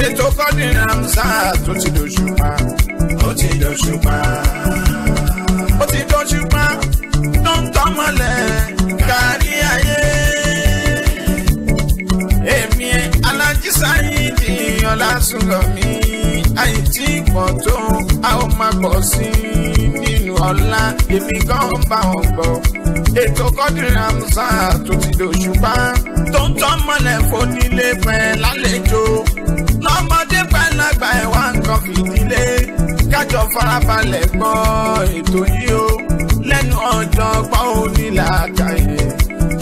Àyìndé tó kọ́ ní ramsa tó ti dòṣùpá ó ti dòṣùpá ó ti dòṣùpá tó ń tọ́mọlẹ̀ kárí ayé. Èmi Alájí Sáyídì Ọlásùnlọ́mí àìtí pọ̀ tó a ó máa pọ̀ sí nínú ọ̀la èmi gan bá wọn gbọ́. Ètò Quadri Hamzat tó ti dòṣùpá tó ń tọ́mọlẹ̀ fónílé pẹ̀ lálejò buy one coffee ìdílé kájọ farabalẹ̀ gbọ́ ètò yìí o lẹ́nu ọ̀jọ̀gbọ́n onílàákàyè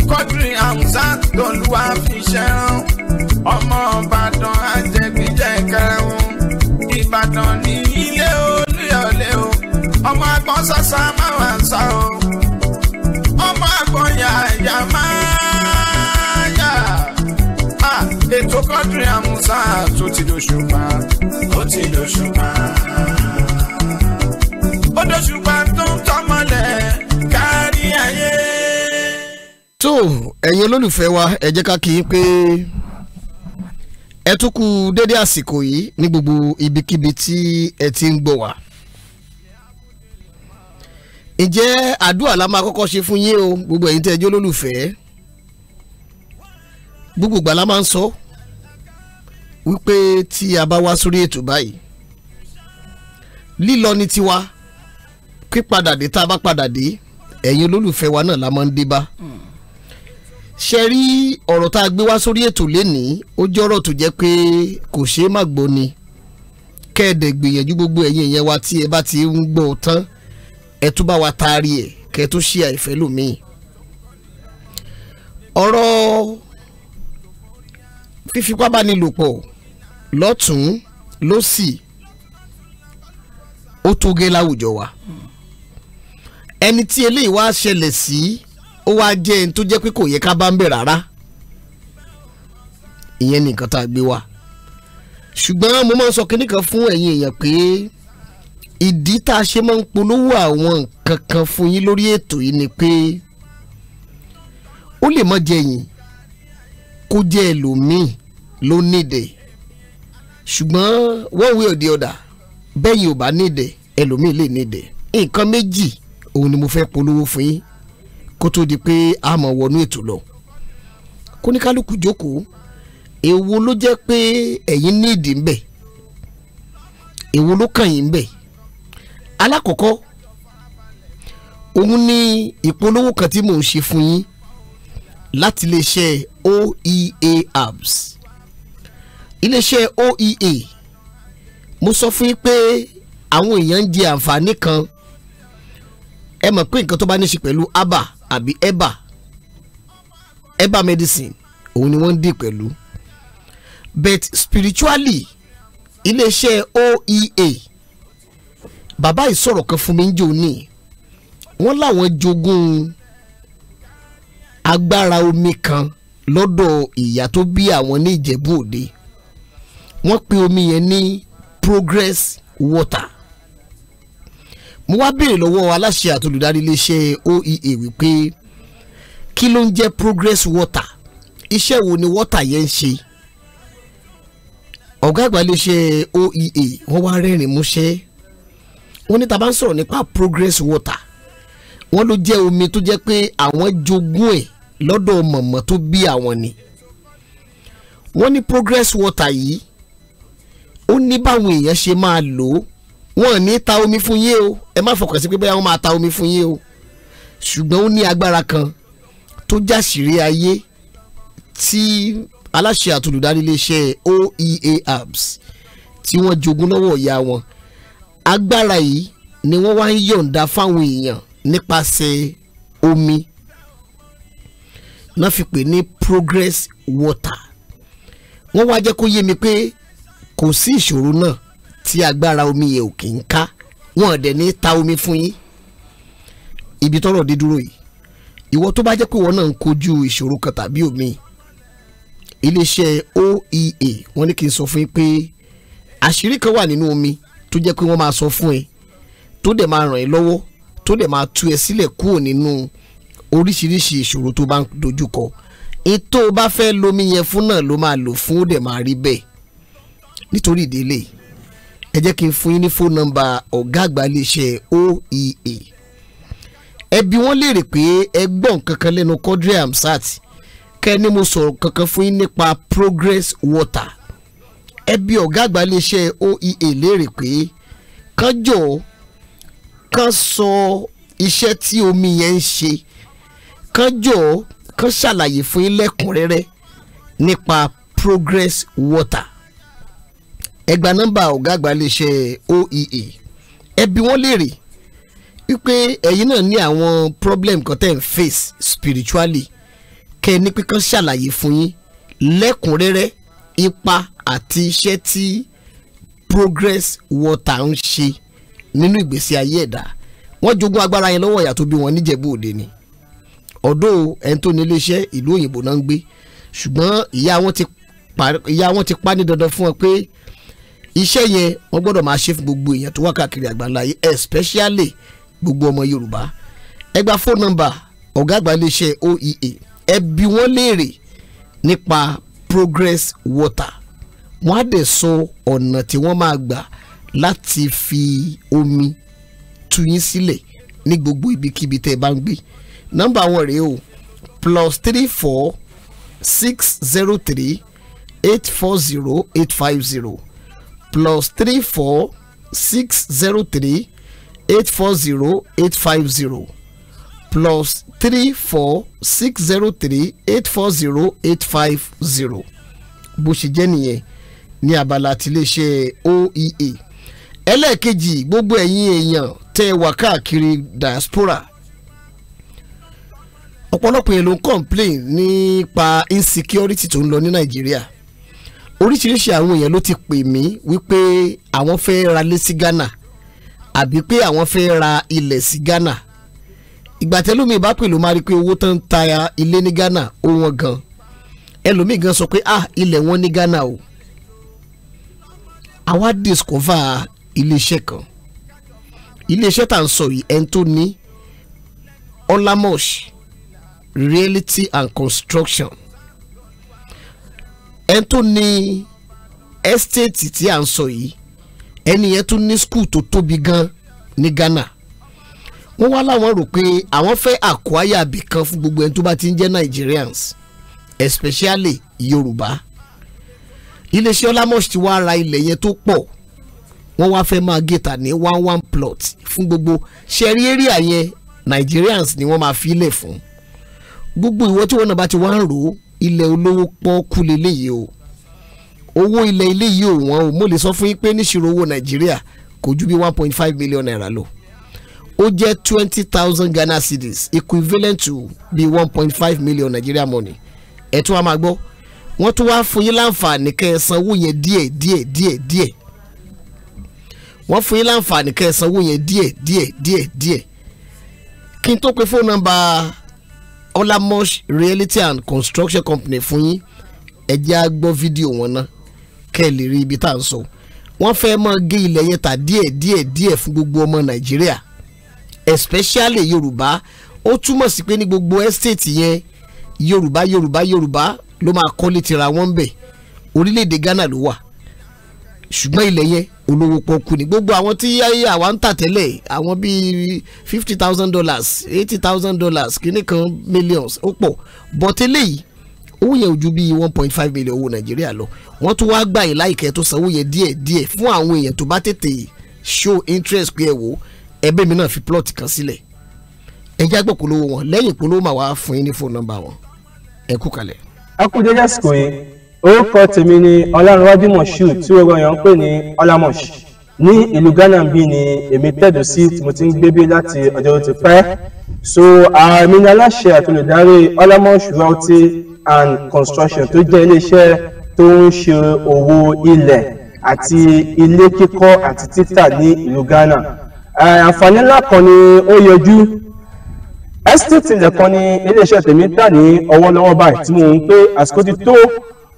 Quadri Hamzat tolúwa fi ṣẹ́rán ọmọ Ìbàdàn ajẹgbẹjẹ kẹrẹ̀hún Ìbàdàn ní ilé Olúyọ̀lé o ọmọ àgbọn sàṣà máa wà sá o ọmọ àgbọn yàyà máa yà ah, ètò Quadri Hamzat tó ti dòṣùpá ti dòṣùpá. ó dòṣùpá tó ń tọ́mọlẹ̀ kárí ayé. tó ẹ̀yin olólùfẹ́ wa ẹ jẹ́ ká kí n pé ẹ tún kú dédé àsìkò yìí ní gbogbo ibikíbi tí ẹ ti ń gbọ́ wá ǹjẹ́ àdúrà la máa kọ́kọ́ ṣe fún yín o gbogbo ẹ̀yin tẹ́ ẹ jẹ́ olólùfẹ́ gbogbo ìgbà máa ń sọ so wípé tí a bá wá sórí ètò báyìí lílọ ní tiwa pípadà dé tá a bá padà dé ẹ̀yin olólùfẹ́ wa náà la máa ń dé bá ṣe rí ọ̀rọ̀ tá a gbé wá sórí ètò lénìí ó jẹ́ ọ̀rọ̀ tó jẹ́ pé kò ṣeé má gbọ́ ni kẹ́ẹ̀dẹ̀ gbìyànjú gbogbo ẹ̀yin ìyẹn wa tí ẹ bá ti ń gbọ́ tán ẹ tún bá wa taari ẹ̀ kẹ́ ẹ ṣe àìfẹ́ lòmíì ọ̀rọ̀ fífipábánilòpọ̀ lọ́tún lọ́sì ó tó gé láwùjọ wa ẹni tí eléyìí wá ṣẹlẹ̀ sí ó wá jẹ́ ẹni tó jẹ́ pé kò yẹ ká bá ń bẹ̀ rárá ìyẹn nìkan tá a gbé wa ṣùgbọ́n mo máa ń sọ kinní kan fún ẹ̀yin èèyàn pé ìdí tá a ṣe máa ń polówó àwọn nǹkan kan fún yín lórí ètò yìí ni pé ó lè má jẹ́ yín kó jẹ́ ẹlòmíì ló nídìí ṣùgbọ́n one way or the other bẹ́yìn ò bá nídẹ̀ ẹlòmíì lè nídẹ̀ nǹkan méjì òun ni mo fẹ́ polówó fún yín kó tó di pé a mọ̀ wọnú ètò lọ kóníkálukú jókòó èwo ló jẹ́ pé ẹ̀yin nídìí ń bẹ èwo ló kàn yín ń bẹ alákọ̀ọ́kọ́ òun ni ìpolówó kan tí mò ń ṣe fún yín láti iléeṣẹ́ OEA apps iléeṣẹ́ oea mo sọ fún yín pé àwọn èèyàn ń jẹ àǹfààní kan ẹ mọ̀ pé nǹkan tó bá ní ṣe pẹ̀lú aba àbí eba eba medicine òun ni wọ́n ń dì pẹ̀lú but spiritually iléeṣẹ́ oea bàbá ìsọ̀rọ̀ kan fún mi ń jò ní wọ́n láwọn jogún agbára omi kan lọ́dọ̀ ìyá tó bí àwọn ní Ìjẹ̀bú Òde wọ́n pe omi yẹn ní progress water mo wá béèrè lọ́wọ́ aláṣẹ àtolùdarí iléeṣẹ́ oea wípé kí ló ń jẹ́ progress water iṣẹ́ wo ni water yẹn ń ṣe ọ̀gá àgbà iléeṣẹ́ oea wọ́n wá rẹ́rìn músẹ́ wọ́n ní tá bá ń sọ̀rọ̀ nípa progress water wọ́n ló jẹ́ omi tó jẹ́ pé àwọn jogún ẹ̀ lọ́dọ̀ mọ̀mọ́ tó bí àwọn ni wọ́n ní progress water yìí ó ní báwọn èèyàn ṣe máa lò ó wọn ní ta omi fún yín o ẹ má fọkàn sí pé báyà wọn máa ta omi fún yín o ṣùgbọ́n ó ní agbára kan tó jàṣírí ayé tí aláṣẹ àtolùdarí iléeṣẹ́ OEA Apps tí wọ́n jogún lọ́wọ́ ìyá wọn agbára yìí ni wọ́n wá ń yọ̀ǹda fáwọn èèyàn nípasẹ̀ omi náà fi pè ní progress water wọ́n wá jẹ́ kó yé mi pé kò sí ìṣòro náà tí agbára omi yẹn ò kì í ká wọn dẹ̀ ní ta omi fún yín ibi tọ́rọ̀ dé dúró yìí ìwọ tó bá jẹ́ pé wọn náà ń kojú ìṣòro kan tàbí omi iléeṣẹ́ OEA wọ́n ní kí n sọ fún yín pé àṣírí kan wà nínú omi tó jẹ́ pé wọ́n máa sọ fún ẹ tó dẹ̀ máa ràn ẹ́ lọ́wọ́ tó dẹ̀ máa tú ẹ sílẹ̀ kúrò nínú oríṣiríṣi ìṣòro tó bá ń dojú kọ ètò bá fẹ́ lomi yẹn fún náà ló máa lò fún ó dẹ̀ máa rí bẹ́ẹ̀ nítorí ìdílé ẹ jẹ́ kí n fún yín ní fóònù nọ́mbà ọ̀gá àgbà iléeṣẹ́ oea ẹ bi wọ́n léèrè pé ẹ gbọ́ nǹkan lẹ́nu Quadri Hamzat kẹ́ni mo sọ̀rọ̀ kankan fún yín nípa Progress Water ẹ bi ọ̀gá àgbà iléeṣẹ́ oea léèrè pé kán jọ kán sọ iṣẹ́ tí omi yẹn ń ṣe kán jọ ṣàlàyé fún yín lẹ́kùnrẹ́rẹ́ nípa Progress Water ẹ gba nọ́mbà ọ̀gá àgbà iléeṣẹ́ OEA ẹ bi léèrè wípé ẹ̀yin náà ní àwọn problem kan tẹ̀ ń face spiritually kẹ́ ẹ ní pípọ́n ṣàlàyé fún yín lẹ́kùnrẹ́rẹ́ ipa àti iṣẹ́ tí progress water ń ṣe nínú ìgbésí ayé ẹ̀dá wọ́n jogún agbára yẹn lọ́wọ́ ìyá bí wọn níjẹ̀bú òde ni ọ̀dọ́ ẹni tó ní iléeṣẹ́ ìlú òyìnbó náà ń gbé ṣùgbọ́n ìyá wọn ti pa ní dandan fún wọn pé iṣẹ́ yẹn wọ́n gbọ́dọ̀ máa ṣe fún gbogbo èèyàn tó wà káàkiri àgbáńlá yìí especially gbogbo ọmọ Yorùbá ẹ gba fóònù nọ́mbà ọ̀gá àgbà iléeṣẹ́ OEA ẹ bi wọ́n léèrè nípa Progress Water wọ́n á dẹ̀ sọ ọ̀nà tí wọ́n máa gbà láti fi omi tú yín sílẹ̀ ní gbogbo ibikíbi tẹ́ ẹ bá ń gbé nọ́mbà wọn rèé o plus three four six zero three eight four zero eight five zero plus three four six zero three eight four zero eight five zero plus three four six zero three eight four zero eight five zero bó ṣe jẹ́ nìyẹn ní abala ti iléeṣẹ́ oea ẹlẹ́ẹ̀kejì gbogbo ẹ̀yin èèyàn tẹ́ wà káàkiri diaspora ọ̀pọ̀lọpọ̀ èèyàn ló ń complain nípa insecurity tó ń lọ ní nàìjíríà oríṣiríṣi àwọn èèyàn ló ti pè mí wípé àwọn fẹ́ ra lé sí Ghana àbí pé àwọn fẹ́ ra ilẹ̀ sí Ghana ìgbà tẹ́lómi ló máa rí i pé owó tán ń ta ilé ní Ghana ó wọ́n gan ẹlòmíì gan sọ pé ah ilẹ̀ wọn ní Ghana o àwa discover iléeṣẹ́ kan iléeṣẹ́ tá à ń sọ yìí ẹni tó ní Olamosh Reality and Construction ẹni tó ní estate tí à ń sọ yìí ẹni yẹn tún ní school tó tóbi gan ní Ghana wọ́n wá láwọn rò pé àwọn fẹ́ acquire àbí kan fún gbogbo ẹni tó bá ti ń jẹ́ Nigerians especially Yorùbá iléeṣẹ́ Ọlámọ̀ṣ ti wá ra ilẹ̀ yẹn tó pọ̀ wọ́n wá fẹ́ máa gé ní one one plot fún gbogbo ṣẹ́rí area yẹn Nigerians ni wọ́n máa fi ilẹ̀ fún gbogbo ìwọ tí wọ́n náà bá ti wá ń rò ó ilẹ̀ olówó pọ́ọ́kú leléyìí o owó ilẹ̀ eléyìí ò wọ́n o mo lè sọ fún yín pé níṣirò owó nàìjíríà kò ju bí one point five million naira lọ ó jẹ́ twenty thousand ghana cedis equivalent to bí one point five million nigeria money ẹ̀ tún wá máa gbọ́ wọ́n tún wáá fún yín láǹfààní kẹ́ ẹ sanwó yẹn díẹ̀ díẹ̀ díẹ̀ díẹ̀ wọ́n fún yín láǹfààní kẹ́ ẹ sanwó yẹn díẹ̀ díẹ̀ díẹ̀ díẹ̀ kí n tó pe fóònù nọ́mbà olamosh reality and construction company fún yín ẹ jẹ́ á gbọ́ fídíò wọn náà kẹ́ ẹ lè rí ibi tá à ń sọ wọ́n fẹ́ máa gé ilẹ̀ yẹn tà díẹ̀ díẹ̀ díẹ̀ fún gbogbo ọmọ nàìjíríà especially yorùbá ó túmọ̀ sí pé ní gbogbo estate yẹn yorùbá yorùbá yorùbá ló máa kọ́lé tira wọn bẹ̀ orílẹ̀-èdè ghana ló wà ṣùgbọ́n ilẹ̀ yẹn olówó pọ́kú ni gbogbo àwọn tí àwa ń tà tẹ́lẹ̀ àwọn bíi fifty thousand dollars eighty thousand dollars kìíní kan millions ó pọ̀ bọ́tẹ́ léyìí owó yẹn ò bíi one point five million owó nàìjíríà lọ wọ́n tún wá gbà yìí láìkẹ́ tó sanwó yẹn díẹ̀ díẹ̀ fún àwọn èèyàn tó bá tètè show interest pé ẹ wò ẹbẹ́ mi náà fi plot kan sílẹ̀ ẹ já gbọ́ polówó wọn lẹ́yìn polówó màá wá fún yín ní fóònù nọ́mbà wọn ẹ kú kalẹ̀. ẹ kú jẹ́jẹ́ sùkúrú orúkọ tèmi ni ọlárunwájú moshood tí gbogbo èèyàn ń pè ní ọlámọsh ní ìlú ghana bíi ni èmi tẹ̀dó sí tí mo ti ń gbé bí láti ọjọ́ tó ti pẹ́ so àmì ní aláṣẹ àtolùdarí ọlámọsh royalty and construction tó jẹ́ iléeṣẹ́ tó ń ṣe òwò ilẹ̀ àti ilé kíkọ́ àti títà ní ìlú ghana àǹfààní ńlá kan ni ó yọjú estate ilẹ̀ kan ni iléeṣẹ́ tèmi tà ní ọwọ́lọ́wọ́ báyìí tí mo ń pè àsìkò ti tó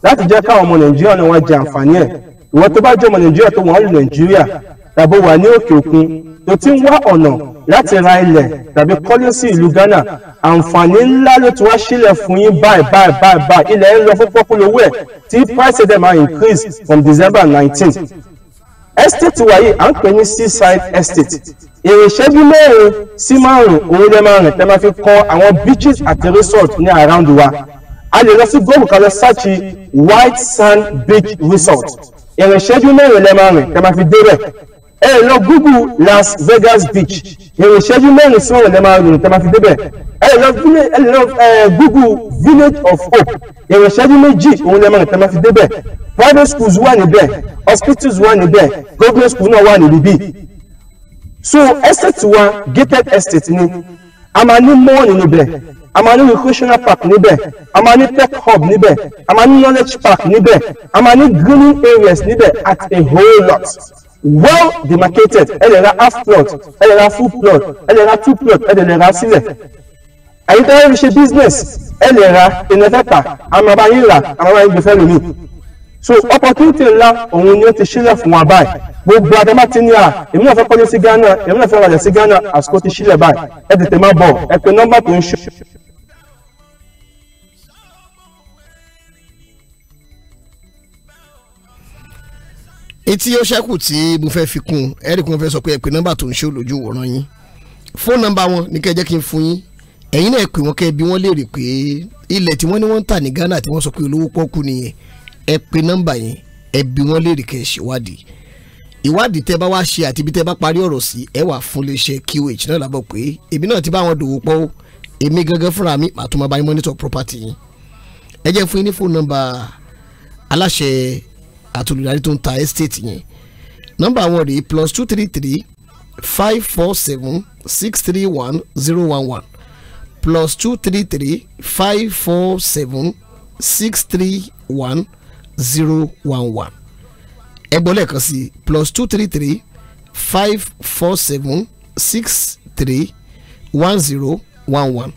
láti jẹ́ káwọn ọmọ nàìjíríà náà wọ́n jẹ àǹfààní ẹ̀ ìwọ tó bá jẹ́ ọmọ nàìjíríà tó wọ́n lù nàìjíríà tàbí wà ní òkè òkun tó ti ń wá ọ̀nà láti ra ilẹ̀ tàbí kọ́lé sí ìlú ghana àǹfààní ńlá ló ti wá sílẹ̀ fún yín báyìí báyìí báyìí báyìí ilẹ̀ ń lọ fún pọ́pọ́lówó ẹ̀ tí price dem are increase from december nineteen estate wa yìí à ń pè ní seaside estate èrè ìṣẹ́jú mẹ́rin sí márùn-ún òun lè máa rìn tẹ́ máa fi kọ́ àwọn beaches àti resort ní around wa a lè lọ sí google kan lọ sáàchì white sand beach resort ìrìn ìṣẹ́jú mẹ́rin lẹ́ẹ̀ máa rìn kẹ́ máa fi débẹ̀ ẹ lọ google las vegas beach ìrìn ìṣẹ́jú mẹ́rin sí mẹ́rin lẹ́ẹ̀ máa rìn kẹ́ máa fi débẹ̀ ẹ lọ google village of hope ìrìn ìṣẹ́jú méjì òun lẹ́ẹ̀ máa rìn kẹ́ máa fi débẹ̀ private schools wà níbẹ̀ hospitals wà níbẹ̀ government school náà wà níbí so estate wa gated estate ni a máa ní mọ́ọ̀ nínú bẹ́ẹ̀ a máa ní recreational park níbẹ̀ a máa ní tech hub níbẹ̀ a máa ní knowledge park níbẹ̀ a máa ní greening areas níbẹ̀ at a whole lot well demarcated ẹ lè ra half plot ẹ lè ra full plot ẹ lè ra two plot ẹ lè ra sílẹ̀ ẹ̀yin tó ń ṣe business ẹ lè ra ìnẹ́fẹ́ta àmọ́ bá yín rà àmọ́ bá yín gbé fẹ́ lómi so opportunity ńlá òun ni ó ti sílẹ̀ fún wa báyìí gbogbo adama ti ní à ah, èmi náà fẹ́ kọ́lé sí Ghana èmi náà fẹ́ rajà sí Ghana àsìkò ti sílẹ̀ báyìí ẹ tètè má bọ̀ ẹ pè nọ́mbà tó ń ṣe. etí ó ṣẹ́kù tí mo fẹ́ fi kún eric mo fẹ́ sọ pé ẹ pè nọ́mbà tó ń ṣe olójú wòran yín fóònù nọ́mbà wọn ni kẹ́ jẹ́ kí n fún yín ẹ̀yin náà pè wọ́n kẹ́ bí wọ́n léèrè pé ilẹ̀ tí wọ́n ní wọ́n ń tà ní Ghana tí wọ́n sọ pé olówó pọ́kú nìyẹn ẹ pè nọ́mbà yẹn ẹ bí wọ́n léèrè kẹ́ ẹ ṣèwádìí ìwádìí tẹ́ bá wá ṣe àti ibi tẹ́ bá parí ọ̀rọ̀ sí ẹ wà fún iléeṣẹ́ QH náà lábọ̀ pé èmi náà ti bá wọn dòwò pọ̀ èmi gangan fúnra mi màá tún máa monitor property yín ẹ jẹ́ fún yín ní fóònù nọ́mbà aláṣẹ àtolùdarí tó ń ta estate yẹn nọ́mbà wọn rèé plus two three three five four seven six three one zero one one plus two three three five four seven six three one zero one one ẹ gbọ́ lẹ́ẹ̀kan sí plus two three three five four seven six three one zero one one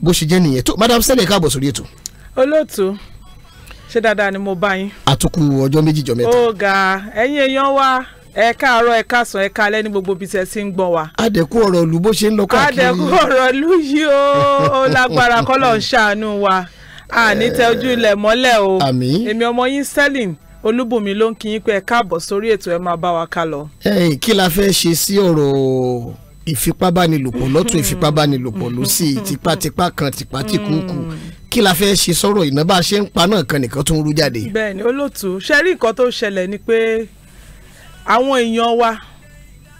bó ṣe jẹ́ nìyẹn tó madam sẹ́lẹ̀ káàbọ̀ sórí ètò. olóòtú ṣé dáadáa ni mo bá yín. àtúkù ọjọ́ méjì jọ mẹ́ta. ó ga ẹ̀yin èèyàn wa ẹ káàárọ̀ ẹ káàsán ẹ kálẹ́ ní gbogbo ibi tẹ́ sí ń gbọ́n wa. àdẹ̀kù ọ̀rọ̀ ìlú bó ṣe ń lọ káàkiri. àdẹ̀kù ọ̀rọ̀ ìlú yìí ó lágbára kọ́lọ̀ ń ṣàánú wa àní tẹ ojú ilẹ̀ mọ́lẹ̀ o èmi ọmọ yín sẹ́lìn olúbùnmi ló ń kí yín pé ẹ káàbọ̀ sórí ètò ẹ máa bá wa ká lọ. ẹyìn kí la fẹ́ ṣe sí ọ̀rọ̀ ìfipábánilòpọ̀ lọ́tún ìfipábánilòpọ̀ lọ́sì tipátipá kan tipátikúùkù hmm kí la fẹ́ ṣe sọ̀rọ̀ iná bá a ṣe ń pa náà kan nìkan tó ń rú jáde. bẹ́ẹ̀ni olóòtú ṣe rí nǹkan tó ṣẹlẹ̀ ni pé àwọn èèyàn wa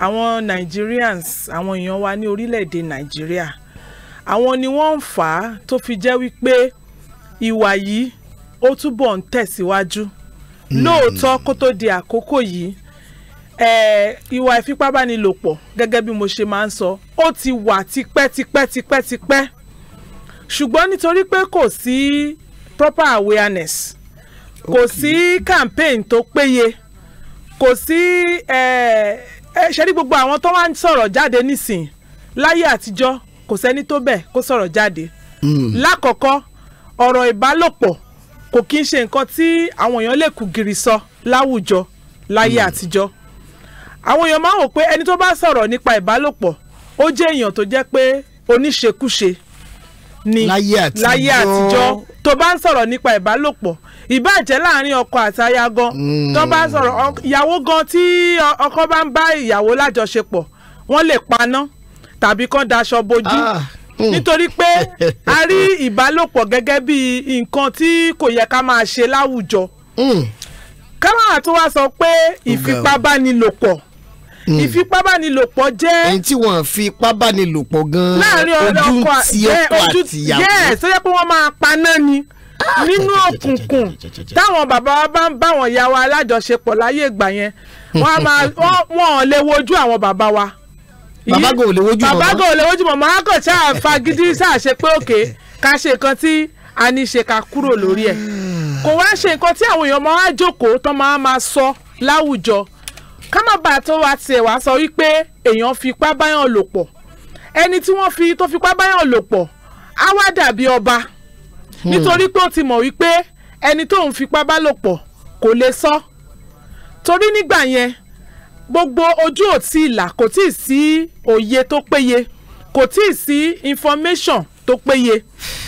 àwọn Nigerians àwọn èèyàn wa ní orílẹ̀-èdè Nigeria àwọn ni wọ́n ń fà á tó fi jẹ́ wípé ìwà yìí ó túbọ̀ ń tẹ̀síwájú hmm. lóòótọ́ kó tó di àkókò yìí ìwà ìfipábánilòpọ̀ gẹ́gẹ́ bí mo ṣe máa ń sọ ó ti wà tipẹ́tipẹ́tipẹ́tipẹ́ ṣùgbọ́n nítorí pé kò sí proper awareness kò sí campaign tó péye kò sí eh, eh, ṣe rí gbogbo àwọn tó wá ń sọ̀rọ̀ jáde nísìn láyé àtijọ́ kò sẹ́ni tó bẹ̀ kó sọ̀rọ̀ jáde. Hmm. lákọ̀ọ́kọ́ ọ̀rọ̀ ìbálòpọ̀ kò kí ń ṣe nǹkan tí àwọn èèyàn lè kú gìrì sọ láwùjọ láyé hmm. àtijọ́. àwọn èèyàn máa ń wò pé ẹni tó bá sọ̀rọ̀ nípa ìbálòpọ̀ ó jẹ́ èèyàn tó jẹ́ pé oníṣekúṣe ni láyé àtijọ́ tó bá ń sọ̀rọ̀ nípa ìbálòpọ̀ ìbàjẹ́ láàrin ọkọ àti aya gan hmm. tó bá ń sọ̀rọ̀ ìyàwó gan tí ọkọ bá ń bá ìyàwó lájọṣepọ̀ wọ́n lè paná tàbí kán daṣọ bojú ah, hmm. nítorí pé a rí ìbálòpọ̀ gẹ́gẹ́ bí nǹkan tí kò yẹ ká máa ṣe láwùjọ hmm. ká máa wá sọ pé ìfipábánilòpọ̀. Mm. ìfipábánilòpọ̀ jẹ́. ẹni tí wọ́n fi ipábánilòpọ̀ gan-an ojú ti ọkọ àtìyàwó. yẹ́ẹ̀ tó yẹ pé wọ́n máa paná ni ah. nínú òkùnkùn táwọn bàbá wa bá ń bá wọn ìyá wa alájọṣepọ̀ láyé ìgbà yẹn wọ́n ò lè wojú àwọn bàbá wa. bàbá gan ò lè wojú mọ̀mọ́ bàbá gan ò lè wojú mọ̀mọ́ akọ̀ tí a fagídí sáà ṣe pé òkè ká ṣe nǹkan tí a ní ṣe ká kúrò lórí ẹ̀ kò wá ṣe nǹkan tí àwọn èèyàn máa wá jókòó tán máa máa sọ láwùjọ. So, ká má bàa tó wá tiẹ̀ wá sọ wípé èèyàn fipá báyàn lò pọ̀ ẹni tí wọ́n fi tó fipá báyàn lò pọ̀ á wá dàbí ọba hmm. nítorí pé ó ti mọ̀ wípé ẹni tó ń fipá bá lò pọ̀ kò lè sọ torí nígbà yẹn gbogbo ojú ò tí ì là kò tí ì sí òye tó péye kò tí ì sí information tó péye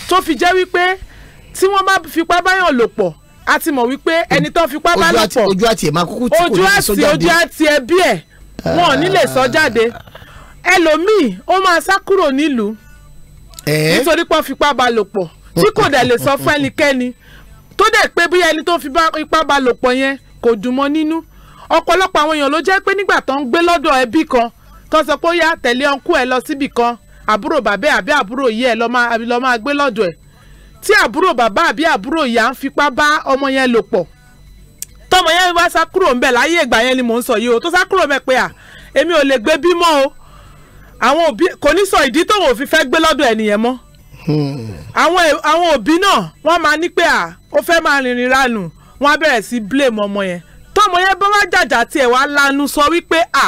tó fi jẹ́ wípé tí wọ́n bá fipá báyàn lò pọ̀ a ti mọ̀ wípé ẹni tó fipá bá lò pọ̀ ojú àti ẹ̀ máa kúkú tí kò ní sọ jáde ojú àti ẹbí ẹ̀ wọn ò ní lè sọ jáde ẹlòmíì ó máa sá kúrò nílùú nítorí pé wọ́n fipá bá lò pọ̀ tí kò dẹ̀ lè sọ fún ẹnikẹ́ni tó dẹ̀ pé bí ẹni tó fipá bá lò pọ̀ yẹn kò dùn mọ́ nínú ọ̀pọ̀lọpọ̀ àwọn èèyàn ló jẹ́ pé nígbà tó ń gbé lọ́dọ̀ ẹbí kan tó sọ pé ó yá tẹ̀lé ọkú ẹ lọ síbì kan àbúrò bàbá àbí àbúrò yìí ẹ lọ máa gbé lọ́dọ̀ ẹ̀ tí àbúrò bàbá àbí àbúrò ìyá ń fipá bá ọmọ yẹn lò pọ̀ tọmọ yẹn wá sá kúrò ńbẹ láyé ìgbà yẹn ni mò ń sọ yìí o tó sá kúrò ńbẹ pé à èmi ò lè gbé bímọ o àwọn òbí kò ní sọ ìdí tóun ò fi fẹ́ gbé lọ́dọ̀ ẹnìyẹn mọ́ àwọn òbí náà wọ́n máa ní pé à ó fẹ́ máa rìnrìn ranù wọ́n á bẹ̀rẹ̀ sí blame ọmọ yẹn tọmọ yẹn bá wá jàjà tiẹ̀ wá lanu sọ wípé à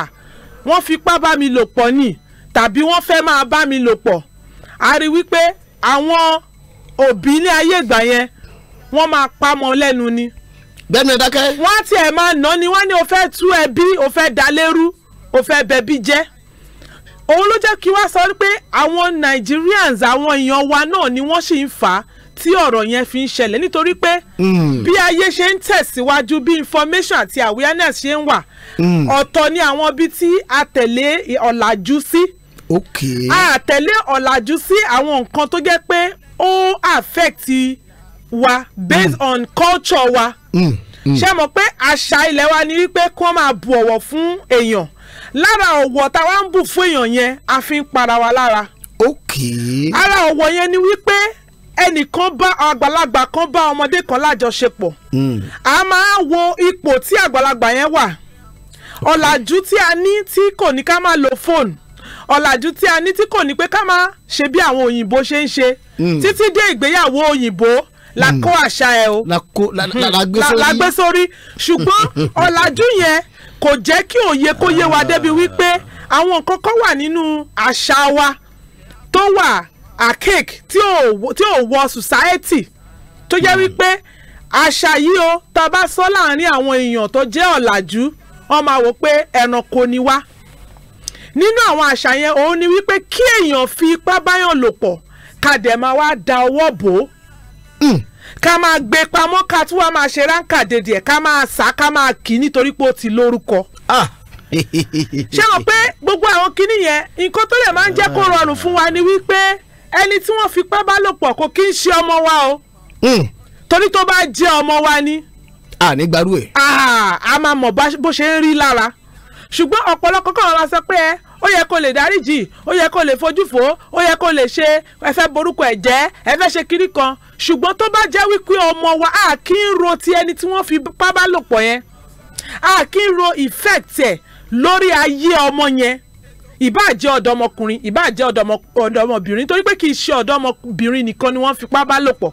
wọ́n fipá bá mi lò pọ̀ ni tàbí wọ́n fẹ́ máa bá mi lò pọ̀ a rí wípé àwọn òbí ní ayé ìgbà yẹn wọ́n máa pamọ́ lẹ́nu ni. gbẹ́mi ẹ dákẹ́. wọ́n á tiẹ̀ máa ná ni wọ́n ní o fẹ́ tú ẹbí o fẹ́ dalérú o fẹ́ bẹ̀bí jẹ́. òun ló jẹ́ kí wá sọ pé àwọn Nigerians àwọn èèyàn wa náà ni wọ́n sì ń fà á tí ọ̀rọ̀ yẹn fi ń ṣẹlẹ̀ nítorí pé hmm. bí ayé ṣe ń tẹ̀síwájú bí information àti awareness ṣe ń wà hmm. ọ̀tọ̀ ni àwọn ibi tí a tẹ̀lé ọ̀làjú sí. Si ok. a tẹ̀lé ọ̀làjú sí àwọn nǹkan tó jẹ́ pé ó affect wa based mm. on culture wa mm, mm. ṣe mọ̀ pé àṣà ilẹ̀ wa ni wípé kí wọ́n máa bu ọ̀wọ̀ fún èèyàn lára ọ̀wọ̀ tá a wá ń bù fún èèyàn yẹn a fi ń para wa lára. okay. ara ọ̀wọ̀ yẹn ni wípé ẹnìkan bá àgbàlagbà kan bá ọmọdé kan lájọṣepọ̀ mm. a máa wo ipò tí àgbàlagbà yẹn wà ọ̀làjú tí a ní tí kò ní ká máa lo fóònù ọ̀làjú tí a ní tí kò ní pé ká má ṣe bí àwọn òyìnbó ṣe ń ṣe hmm. títí dé ìgbéyàwó òyìnbó la hmm. kó àṣà ẹ o la hmm. gbé sórí ṣùgbọ́n ọ̀làjú yẹn kò jẹ́ kí òye kó yé wa débi wípé àwọn nǹkan kan wà nínú àṣà wa tó wà archaic tí ò wọ society tó jẹ́ wípé àṣà yìí o tá a bá sọ láàárín àwọn èèyàn tó jẹ́ ọ̀làjú wọ́n máa wò pé ẹranko ni wá nínú àwọn àṣà òun ni wípé kí èèyàn fi ipá báyàn lò pọ̀ ká dẹ̀ máa wá da ọwọ́ bò ó hmm. ká máa gbé pamọ́ ká tún wá máa ṣe ráńkà dèdè ẹ̀ ká máa sá ká máa kì í nítorí pé ó ti lórúkọ. Ah. ṣé mo pé gbogbo àwọn kinní yẹn nǹkan tó lè máa ń jẹ́ kó rọrùn fún wa ni wípé ẹni tí wọ́n fipá bá lò pọ̀ kò kí ń ṣe ọmọ wa o hmm. torí tó bá jẹ́ ọmọ wa ni. a ní gbarú ah, a máa mọ̀ bó ṣe ń rí lára ṣùgbọ́n ọ̀pọ̀lọpọ̀ kan máa sọ pé ẹ ó yẹ kó lè dáríjì ó yẹ kó lè fojú fò ó yẹ kó lè ṣe ẹ fẹ́ borúkọ ẹ̀ jẹ́ ẹ fẹ́ ṣe kinní kan ṣùgbọ́n tó bá jẹ́ wípé ọmọ wa a kì í ro ti ẹni tí wọ́n fi pá lò pọ̀ yẹn a kì í ro effect ẹ̀ lórí ayé ọmọ yẹn ìbáà jẹ́ ọ̀dọ́mọkùnrin ìbáà jẹ́ ọ̀dọ́mọbìnrin torí pé kì í ṣe ọ̀dọ́mọbìnrin nìkan ni wọ́n fipá bá lò pọ̀.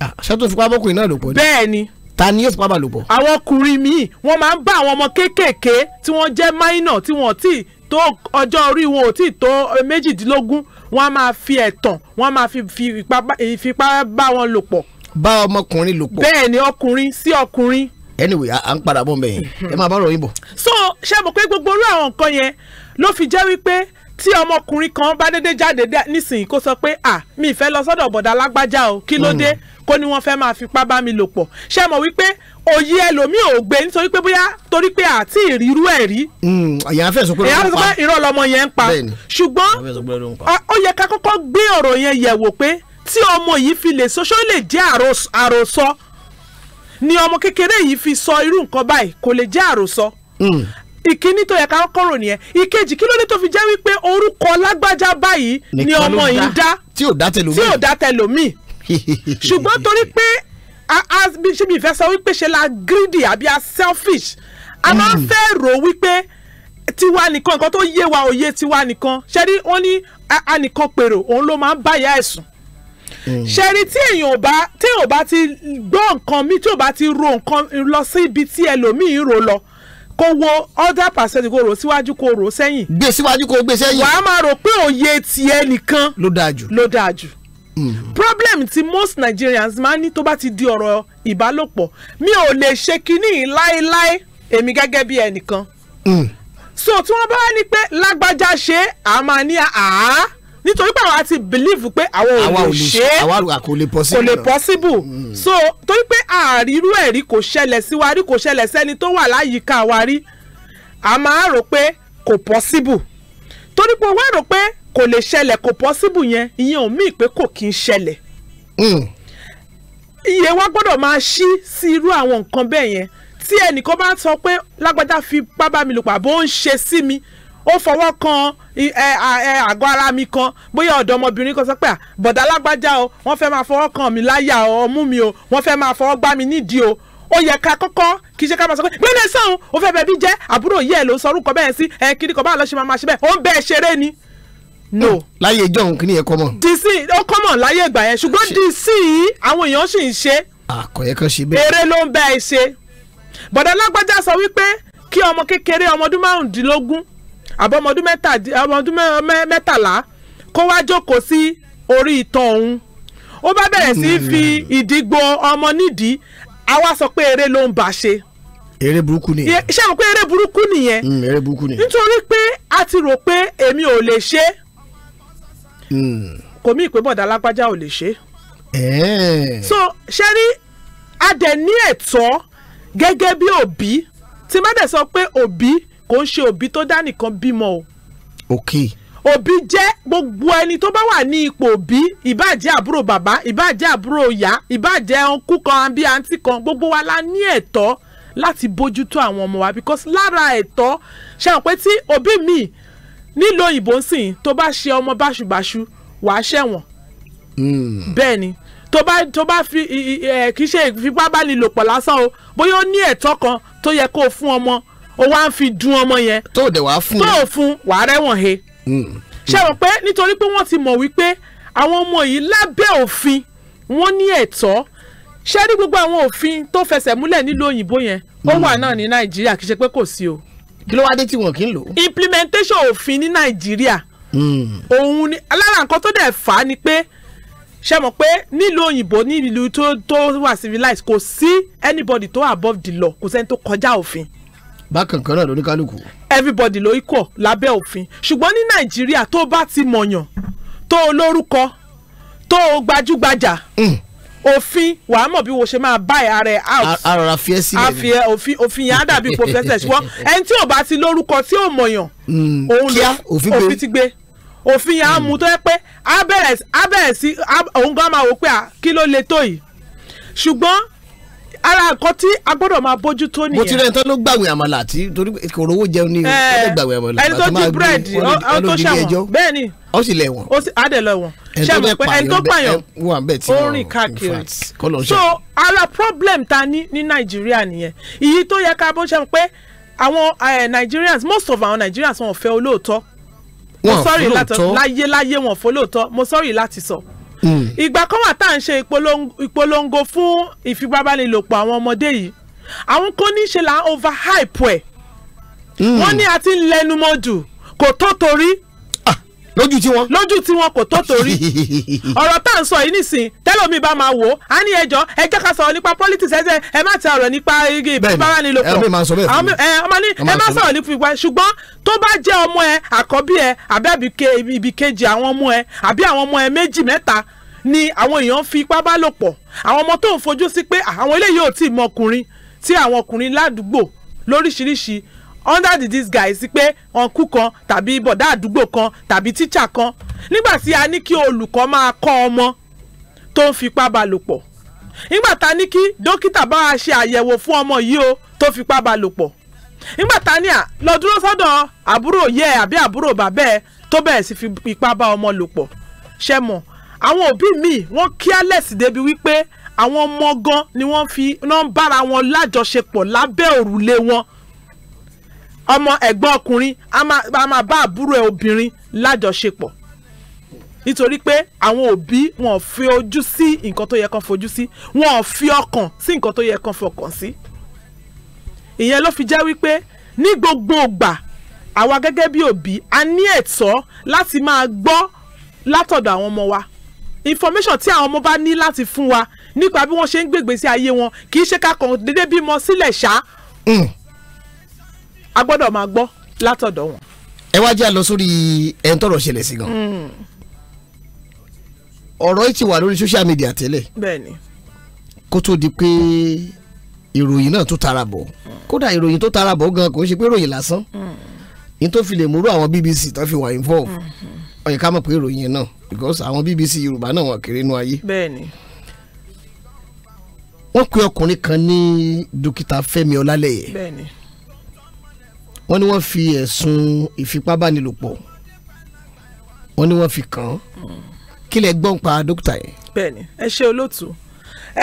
Ah, ṣé tó fipá bọ́kùnrin náà lò pọ̀ ni. bẹ́ẹ̀ ni. ta ni yóò fipá bá lò pọ̀. àwọn ọkùnrin míì wọ́n máa ń bá àwọn ọmọ kéékèèké tí wọ́n jẹ́ minor tí wọ́n ti tó ọjọ́ orí wọn ò tí ì tó méjìdínlógún wọ́n á máa fi ẹ̀tàn wọ́n á máa fi ìfipá bá wọn lò pọ̀. bá ọmọkùnrin lò pọ̀. bẹ́ẹ̀ ni ọkùnrin sí ọkùnrin. anyway à ń padà bọ̀ mẹ́yìn ẹ máa bá ọ̀rọ̀ yín bọ̀. so ṣe mọ̀ pé gbogbo irú àwọn nǹkan yẹn ló fi jẹ́ wípé tí ọmọkùnrin kan bá dédé jáde nísìnyí kó sọ pé à mi ì fẹ́ lọ sọ́dọ̀ bọ̀dá lágbájá o kí ló mm. dé. Mm kó ní wọ́n fẹ́ máa fipá bá mi lò pọ̀ ṣé mọ̀ wípé òye ẹlòmíì ò gbé nítorí pé bóyá torí pé àti ìrírú ẹ̀ rí. èèyàn hmm, fẹ̀sùn pé irọ́ lọmọ yẹn ń pa ṣùgbọ́n ó yẹ ká kọ́kọ́ gbé ọ̀rọ̀ yẹn yẹ̀wò pé tí ọmọ yìí fi lè sọ lè jẹ́ àròsọ ni ọmọ kékeré yìí fi sọ irú nǹkan báyìí kò lè jẹ́ àròsọ hmm. ìkíní tó yẹ ká kọ́rọ̀ nìyẹn ìkejì kí ló dé tó fi jẹ́ wípé orúkọ lágbájá báyìí ni ọmọ yìí dá tí ò dá tẹlòmíì ṣùgbọ́n torí pé ṣé mi fẹ́ sọ wípé ṣe la greedy àbí a selfish a máa ń mm. fẹ́ rò wípé tiwa nìkan nǹkan tó yé wa òye tiwa nìkan ṣe rí wọ́n ní anìkan pèrò òun ló máa ń báyà ẹ̀sùn mm. ṣẹ́rí tí èèyàn bá tí èèyàn bá ti gbọ́ nǹkan mi tí èèyàn bá ti ro nǹkan lọ sí ibi tí ẹlòmíì rò lọ kó wo other person kó rò síwájú kó rò sẹ́yìn. gbé síwájú kó gbé sẹ́yìn. wàá máa rò pé òye tiẹ̀ nìkan. ló dáa jù. ló dáa jù problem ti most Nigerians máa ń ní tó bá ti di ọ̀rọ̀ ìbálòpọ̀ mi ò lè ṣe kínní láéláé èmi gẹ́gẹ́ bí ẹnìkan mm. so tí wọ́n bá wá ní pé lágbájá ṣe à máa ní àá nítorí pé àwọn àti believe pé àwọn ò lè ṣe é kò lè possible, possible. Mm. so torí pé àrírú ẹ̀rí kò ṣẹlẹ̀ sí wa rí kò ṣẹlẹ̀ sẹ́ni tó wà láyìíká wa rí a máa rò pé kò possible torí pé wọ́n rò pé kò lè ṣẹlẹ̀ kò pọ́síbù yẹn ìyẹn ò míì pé kò kí ń ṣẹlẹ̀. Hmm. iye wa gbọ́dọ̀ máa ṣí sí irú àwọn nǹkan bẹ́ẹ̀ yẹn tí ẹnìkan bá sọ pé lágbájá fi bábá mi lò pàbó ń ṣe sí mi ó fọwọ́ kan àgọ́ ara mi kan bóyá ọ̀dọ́mọbìnrin kan sọ pé bọ̀dá lágbájá o wọ́n fẹ́ máa fọwọ́ kan mi láyà ọmú mi o wọ́n fẹ́ máa fọwọ́ gbá mi nídìí o ó yẹ ká kọ́kọ́ kì í ṣe ká máa sọ pé gbẹ́nà sàn ó fẹ́ bẹ́ẹ̀ bí jẹ́ àbúrò yẹ́ ẹ̀ ló sọ orúkọ bẹ́ẹ̀ sí ẹ̀ kiri kọ́ bá lọ́ ṣe máa máa ṣe bẹ́ẹ̀ ó ń bẹ́ẹ̀ ṣeré ni no. Eh, láyé ìjọ́hun kí ni ẹ kọ́mọ̀. dc ó kọ́mọ̀ láyé ìgbà yẹn ṣùgbọ́n dc àwọn èèyàn sì ń ṣe. àkọyẹ kan ṣe bẹ́ẹ̀. eré ló ń bá ẹ ṣe bọ̀dá lágbájá sọ wípé kí ọmọ kékeré ọmọ ọdún márùndínlógún àbọ̀ ọmọ ọdún mẹ́tàlá kó wá jókòó sí orí ìtàn òun ó bá bẹ̀rẹ̀ sí í fi ìdígbò ọmọ nídìí àwa sọ pé eré ló ń bá ṣe. eré burúkú nìyẹn. ṣé àwọn pé eré burúkú nìyẹn. Mm, eré burúkú nìyẹn. nítorí pé a ti rò pé èmi ò lè ṣe é kò mí ìpè bọ̀dà lágbájá ò lè ṣe. so ṣe rí a dẹ̀ ní ẹ̀tọ́ gẹ́gẹ́ bí òbí tí má dẹ̀ sọ pé òbí kò ń ṣe òbí tó dá nìkan bímọ o. ok òbí jẹ́ gbogbo ẹni tó bá wà ní ipò òbí ìbáàjẹ́ àbúrò bàbá ìbáàjẹ́ àbúrò ìyá ìbáàjẹ́ ọ̀nkú kan àbí àǹtí kan gbogbo wa la ní ẹ̀tọ́ láti bójútó àwọn ọmọ wa because lára ẹ̀tọ́ ṣe hàn òbí mi nílò òyìnbó sìn tó bá ṣe ọmọ báṣubàṣu wàá ṣẹ̀wọ̀n. Hmm. bẹ́ẹ̀ ni tó bá tó bá fi ẹ kì í ṣe ìfipábánilòpọ̀ lásán o bóyá ó ní ẹ̀tọ́ kan tó yẹ kó o fún ọmọ o wá ń fi dun ọmọ yẹn. tó o dẹ̀ wá fún un. tó o fún wàá rẹ́wọ̀n he. Hmm. ṣé o pé nítorí pé wọ́n ti mọ̀ wípé àwọn ọmọ yìí lábẹ́ òfin wọ́n ní ẹ̀tọ́ ṣé ní gbogbo àwọn òfin tó fẹsẹ̀ múlẹ̀ nílùú òyìnbó yẹn ó wà hmm. náà ní nàìjíríà kì í ṣe pé kò sí o kí ló wá dé tí wọn kì í lò. implementation òfin ní nàìjíríà òun ni alára nǹkan tó dẹ̀ fà á ni pé ṣe mọ̀ pé nílùú òyìnbó nílùú tó tó wà civilized kò sí anybody tó above the law kò sẹ́ni tó kọjá òfin. bákan kan náà ló ní kálukú. everybody ló ikọ̀ lábẹ́ òfin ṣùgbọ́n ní nàìjíríà tó bá ti mọ̀yàn tó olórúkọ tó gbajúgbajà. Mm òfin wàá mọ̀ bí wo ṣe máa bá ara ẹ̀ out arọra fi ẹ́ sílẹ̀ ni àfihàn òfin òfin yẹn á dàbí pòfẹ́sẹ̀ ṣùgbọ́n ẹni tí ò bá ti lórúkọ tí ò mọ̀yàn hmm, òun ló òfin ti gbé òfin yẹn á mú hmm. tó yẹ pé á bẹ̀rẹ̀ sí òun gan máa wò pé kí ló le tó yìí ṣùgbọ́n ara nǹkan tí a gbọ́dọ̀ máa bójú tó nìyẹn. mo ti rẹ̀ ń tán ló gbàwé àmàlà àti torí kò rówó jẹun ní ọdẹ eh, gbàwé àmàlà àti máa gbé wọn ló di ilé ẹjọ́ bẹ́ẹ̀ ni ó sì lẹ̀ wọ́n. ó sì adẹ̀ lọ wọ́n. ṣàmì pé ẹni tó pààyàn ó rìn káàkiri. so ara problem ta ní ní nàìjíríà nìyẹn ìyí tó yẹ ká bó ṣàmì pé àwọn eh, nigerians most of our nigerians wọn ò fẹ́ olóòótọ́ mo sorry láti sọ láyé láyé wọn ò sorry láti sọ. Mm. ìgbà kan wà tá à ń ṣe ìpolongo fún ìfipábánilòpọ̀ àwọn ọmọdé yìí àwọn kò ní ṣe là ń over hype ẹ̀ mm. wọ́n ní a ti ń lẹnumọ́dù kò tó torí lójú tiwọn. lójú tiwọn kò tó torí ọ̀rọ̀ tá à ń sọ yìí nìsín tẹ́lómi bá máa wò á ní ẹjọ́ ẹ jẹ́ ká sọ̀rọ̀ nípa politics ẹ jẹ́ ẹ má ti ọ̀rọ̀ nípa igi ìbáraẹnilòpọ̀ ẹ má sọ̀rọ̀ nípa ìwà ṣùgbọ́n tó bá jẹ́ ọmọ ẹ àkọ́bí ẹ àbí ibìkejì àwọn ọmọ ẹ àbí àwọn ọmọ ẹ méjì mẹ́ta ni àwọn èèyàn fi ipá bá lò pọ̀ àwọn ọmọ tó ń fojú sí pé àwọn eléyìí ò tí ì mọ ọkùnrin tí àwọn ọkùnrin ládùúgbò lóríṣiríṣi under the disguise pé ọ̀nkú kan tàbí bọ̀dá àdúgbò kan tàbí tíṣà kan nígbà tí a ní kí olùkọ́ máa kọ́ ọmọ tó ń fipá bá lò pọ̀ nígbà tá a ní kí dókítà bá wa ṣe àyẹ̀wò fún ọmọ yìí o tó fipá bá lò pọ̀ nígbà tá a ní à lọ dúró sọ́dọ̀ àbúrò yẹ àbí àbúrò bàbẹ́ tó bẹ̀rẹ̀ sí fi bá ọmọ lò pọ̀ ṣẹ́ mọ̀ àwọn òbí míì wọ́n careless débi wípé àwọn ọmọ gan ni wọ́n fi náà ń bára wọn lájọṣepọ̀ lábẹ́ òrùlé wọn ọmọ ẹ̀gbọ́n ọkùnrin a máa bá àbúrò ẹ̀ obìnrin lájọṣepọ̀ nítorí pé àwọn òbí wọn ò fi ojú sí nǹkan tó yẹ kán fojú sí wọn ò fi ọkàn sí nǹkan tó yẹ kán fọkàn sí ìyẹn ló fi jẹ́ wípé ní gbogbo ìgbà àwa gẹ́gẹ́ bí òbí a ní ẹ̀tọ́ láti máa gbọ́ látọ̀dọ̀ àwọn ọmọ wa information tí àwọn ọmọ bá ní láti fún wa nípa bí wọ́n ṣe ń gbègbè sí ayé wọn kì í ṣe ká kàn déédéé bímọ sílẹ̀ ṣá. Hmm. a gbọ́dọ̀ máa gbọ́ látọ̀dọ̀ wọn. ẹ wá jẹ́ àlọ́ sórí ẹni tọ́rọ̀ ṣẹlẹ̀ sí gan. Hmm. ọ̀rọ̀ yìí ti wà lórí social media tẹ́lẹ̀. bẹ́ẹ̀ni. kó tó di pé ìròyìn náà tó tara bọ̀ hmm. kódà ìròyìn tó tara bọ̀ gan kò ń ṣe pé ìròyìn lásán ní tó fi lè múrú àwọn BBC tó fi wà involve. Mm -hmm ó yẹ ká mọ̀ pé ìròyìn náà because àwọn BBC Yorùbá náà wọ́n kéré nú ayé. bẹ́ẹ̀ni. wọ́n pe ọkùnrin kan ní dókítà Fẹ́mi Ọlálẹyẹ. bẹ́ẹ̀ni. wọ́n ní wọ́n fi ẹ̀sùn ìfipábánilòpọ̀ wọ́n ní wọ́n fi kàn án hmm. kí lẹ gbọ́n pa dókítà yẹn. bẹ́ẹ̀ni ẹ ṣe olóòtú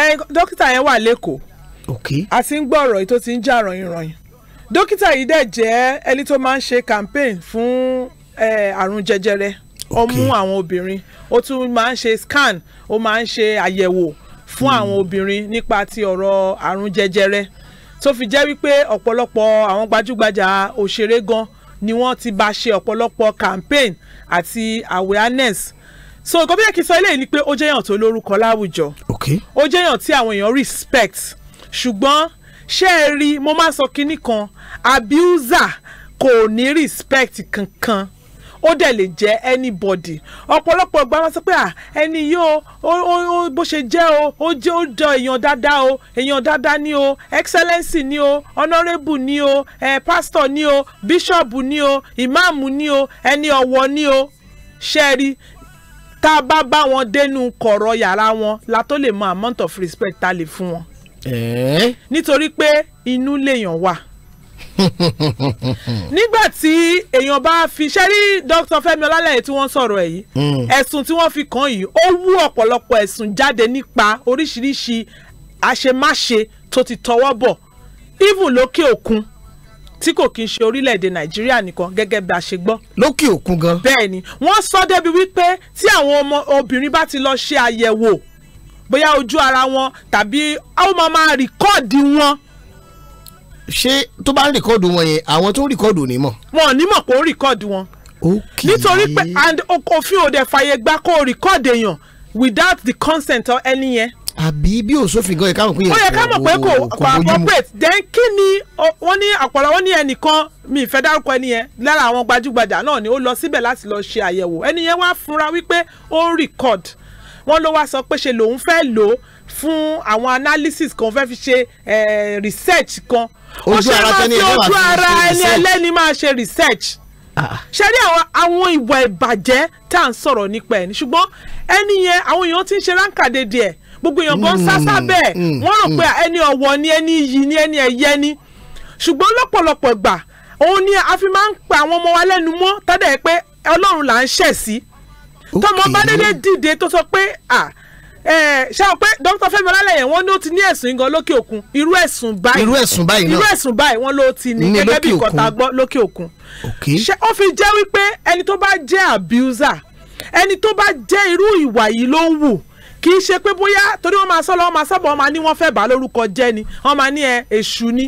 ẹ dókítà yẹn wà lẹ́kọ̀ọ́. ok. a ti ń gbọ́ ọ̀rọ̀ yìí tó ti ń jà ròyìn ròyìn dókítà yìí dẹ̀ jẹ́ ẹni tó máa ń ṣe campaign fún àrùn jẹjẹrẹ ọmú àwọn obìnrin ó tún máa ń ṣe scan ó máa ń ṣe àyẹ̀wò fún hmm. àwọn obìnrin nípa ti ọ̀rọ̀ àrùn jẹjẹrẹ tó fi jẹ́ wípé ọ̀pọ̀lọpọ̀ àwọn gbajúgbajà òṣèré gan ni wọ́n ti bá ṣe ọ̀pọ̀lọpọ̀ campaign àti awareness so nǹkan bí yẹ kí n sọ eléyìí ni pé ó jẹ́yàn tó lórúkọ láwùjọ ó jẹ́yàn tí àwọn èèyàn respect ṣùgbọ́n ṣé ẹ rí mo máa sọ kinní kan abuser kò ní respect kankan ó dẹ̀ lè jẹ́ anybody ọ̀pọ̀lọpọ̀ ọgbà wọn sọ pé à ẹni yìí ó bó ṣe jẹ́ o ó jẹ́ ó dán èèyàn dáadáa o èèyàn dáadáa ni o excellency ni o honourable ni o eh, pastor ni o bishop ni o imam ni o ẹni ọ̀wọ̀ ni o ṣẹ́ẹ̀rí tá a bá bá wọn dénú kọ̀rọ̀ yàrá wọn la tó lè mọ amount of respect tá a lè fún wọn. nítorí pé inú lèèyàn wà. nígbà tí èèyàn bá fi ṣẹ́rí dr fẹ́mi ọlálẹ́yìn tí wọ́n sọ̀rọ̀ ẹ̀ yìí hmm. ẹ̀sùn tí wọ́n fi kàn yìí ó wú ọ̀pọ̀lọpọ̀ ẹ̀sùn jáde nípa oríṣiríṣi àṣemáṣe tó ti tọwọ́ bọ̀ even lókè òkun tí kò kí n ṣe orílẹ̀-èdè nàìjíríà nìkan gẹ́gẹ́ bí a ṣe gbọ́. lókè òkun gan. bẹ́ẹ̀ ni wọ́n sọ débi wípé tí àwọn ọmọ obìnrin bá ti lọ ṣe àyẹ̀wò bóyá ojú ara wọn tàbí ó máa máa rìkọ́ọ̀dì wọn ṣé tó bá ń rìkọ́ọ̀dù wọn yẹn àwọn tó ń rìkọ́ọ̀dù ni mọ̀. wọn ò ní mọ̀ kó rìkọ́ọ̀dù wọn. ok nítorí pé and òfin òde fàyè gbà kó rìkọ́ọ̀dù èèyàn without the consent of ẹni yẹn. àbí bí òṣòfin gan yẹ ká mọ̀ pé. ó yẹ ká mọ̀ pé kò cooperate then kí ni wọ́n ní àpọ̀lọ́ wọ́n ní ẹnìkan mi ìfẹ́ dárúkọ ẹni yẹn lára àwọn gbajúgbajà náà ni ó lọ síbẹ̀ láti lọ ṣe àyẹ̀wò ẹni yẹn wá fúnra wípé ó ń record wọ́n ló wá sọ pé ṣe lòun fẹ́ lò ó fún àwọn analysis kan fẹ́ fi ṣe eh, research kan ojú ara tẹ́ni ẹ̀ lọ́wọ́ àti research. ojú ara ẹni ẹlẹ́ni máa ṣe research. Ah. ṣe rí àwọn ìwà ìbàjẹ́ tá à ń sọ̀rọ̀ nípa ẹ̀ ní ṣùgbọ́n ẹni yẹn àwọn èèyàn ti ń ṣe ránkàdé díẹ̀ gbogbo èèyàn kan sásá mm, bẹ́ẹ̀ mm, wọ́n rò pé mm. ẹni ọ̀wọ̀ ni ẹni iyì ni ẹni ẹ̀yẹ ni ṣùgbọ́n lọ́pọ̀lọpọ̀ ìgbà òun ni a fi máa ń pa àwọn ọmọ wa lẹ́nu mọ́ tọ́dẹ̀ pé ọlọ́run là ń ṣẹ̀ sí tọmọ bá dédé dìde tó sọ pé ṣáà pé dókítà Fẹ́mi Ọlálẹyẹ wọ́n ní ó ti ní ẹ̀sùn nǹkan lókè òkun irú ẹ̀sùn báyìí irú ẹ̀sùn báyìí náà irú ẹ̀sùn báyìí wọ́n ló ti ní gẹ́gẹ́ bí ìkọta gbọ́ lókè òkun ṣé ó fi jẹ́ wípé ẹni tó bá jẹ́ abuser ẹni tó bá jẹ́ irú ìwà yìí ló ń wù kì í ṣe pé bóyá torí wọ́n máa sọ lọ wọ́n máa sábà wọ́n máa ní wọ́n fẹ́ bà lórúkọ jẹ́ ni wọ́n máa ní ẹ èṣù ni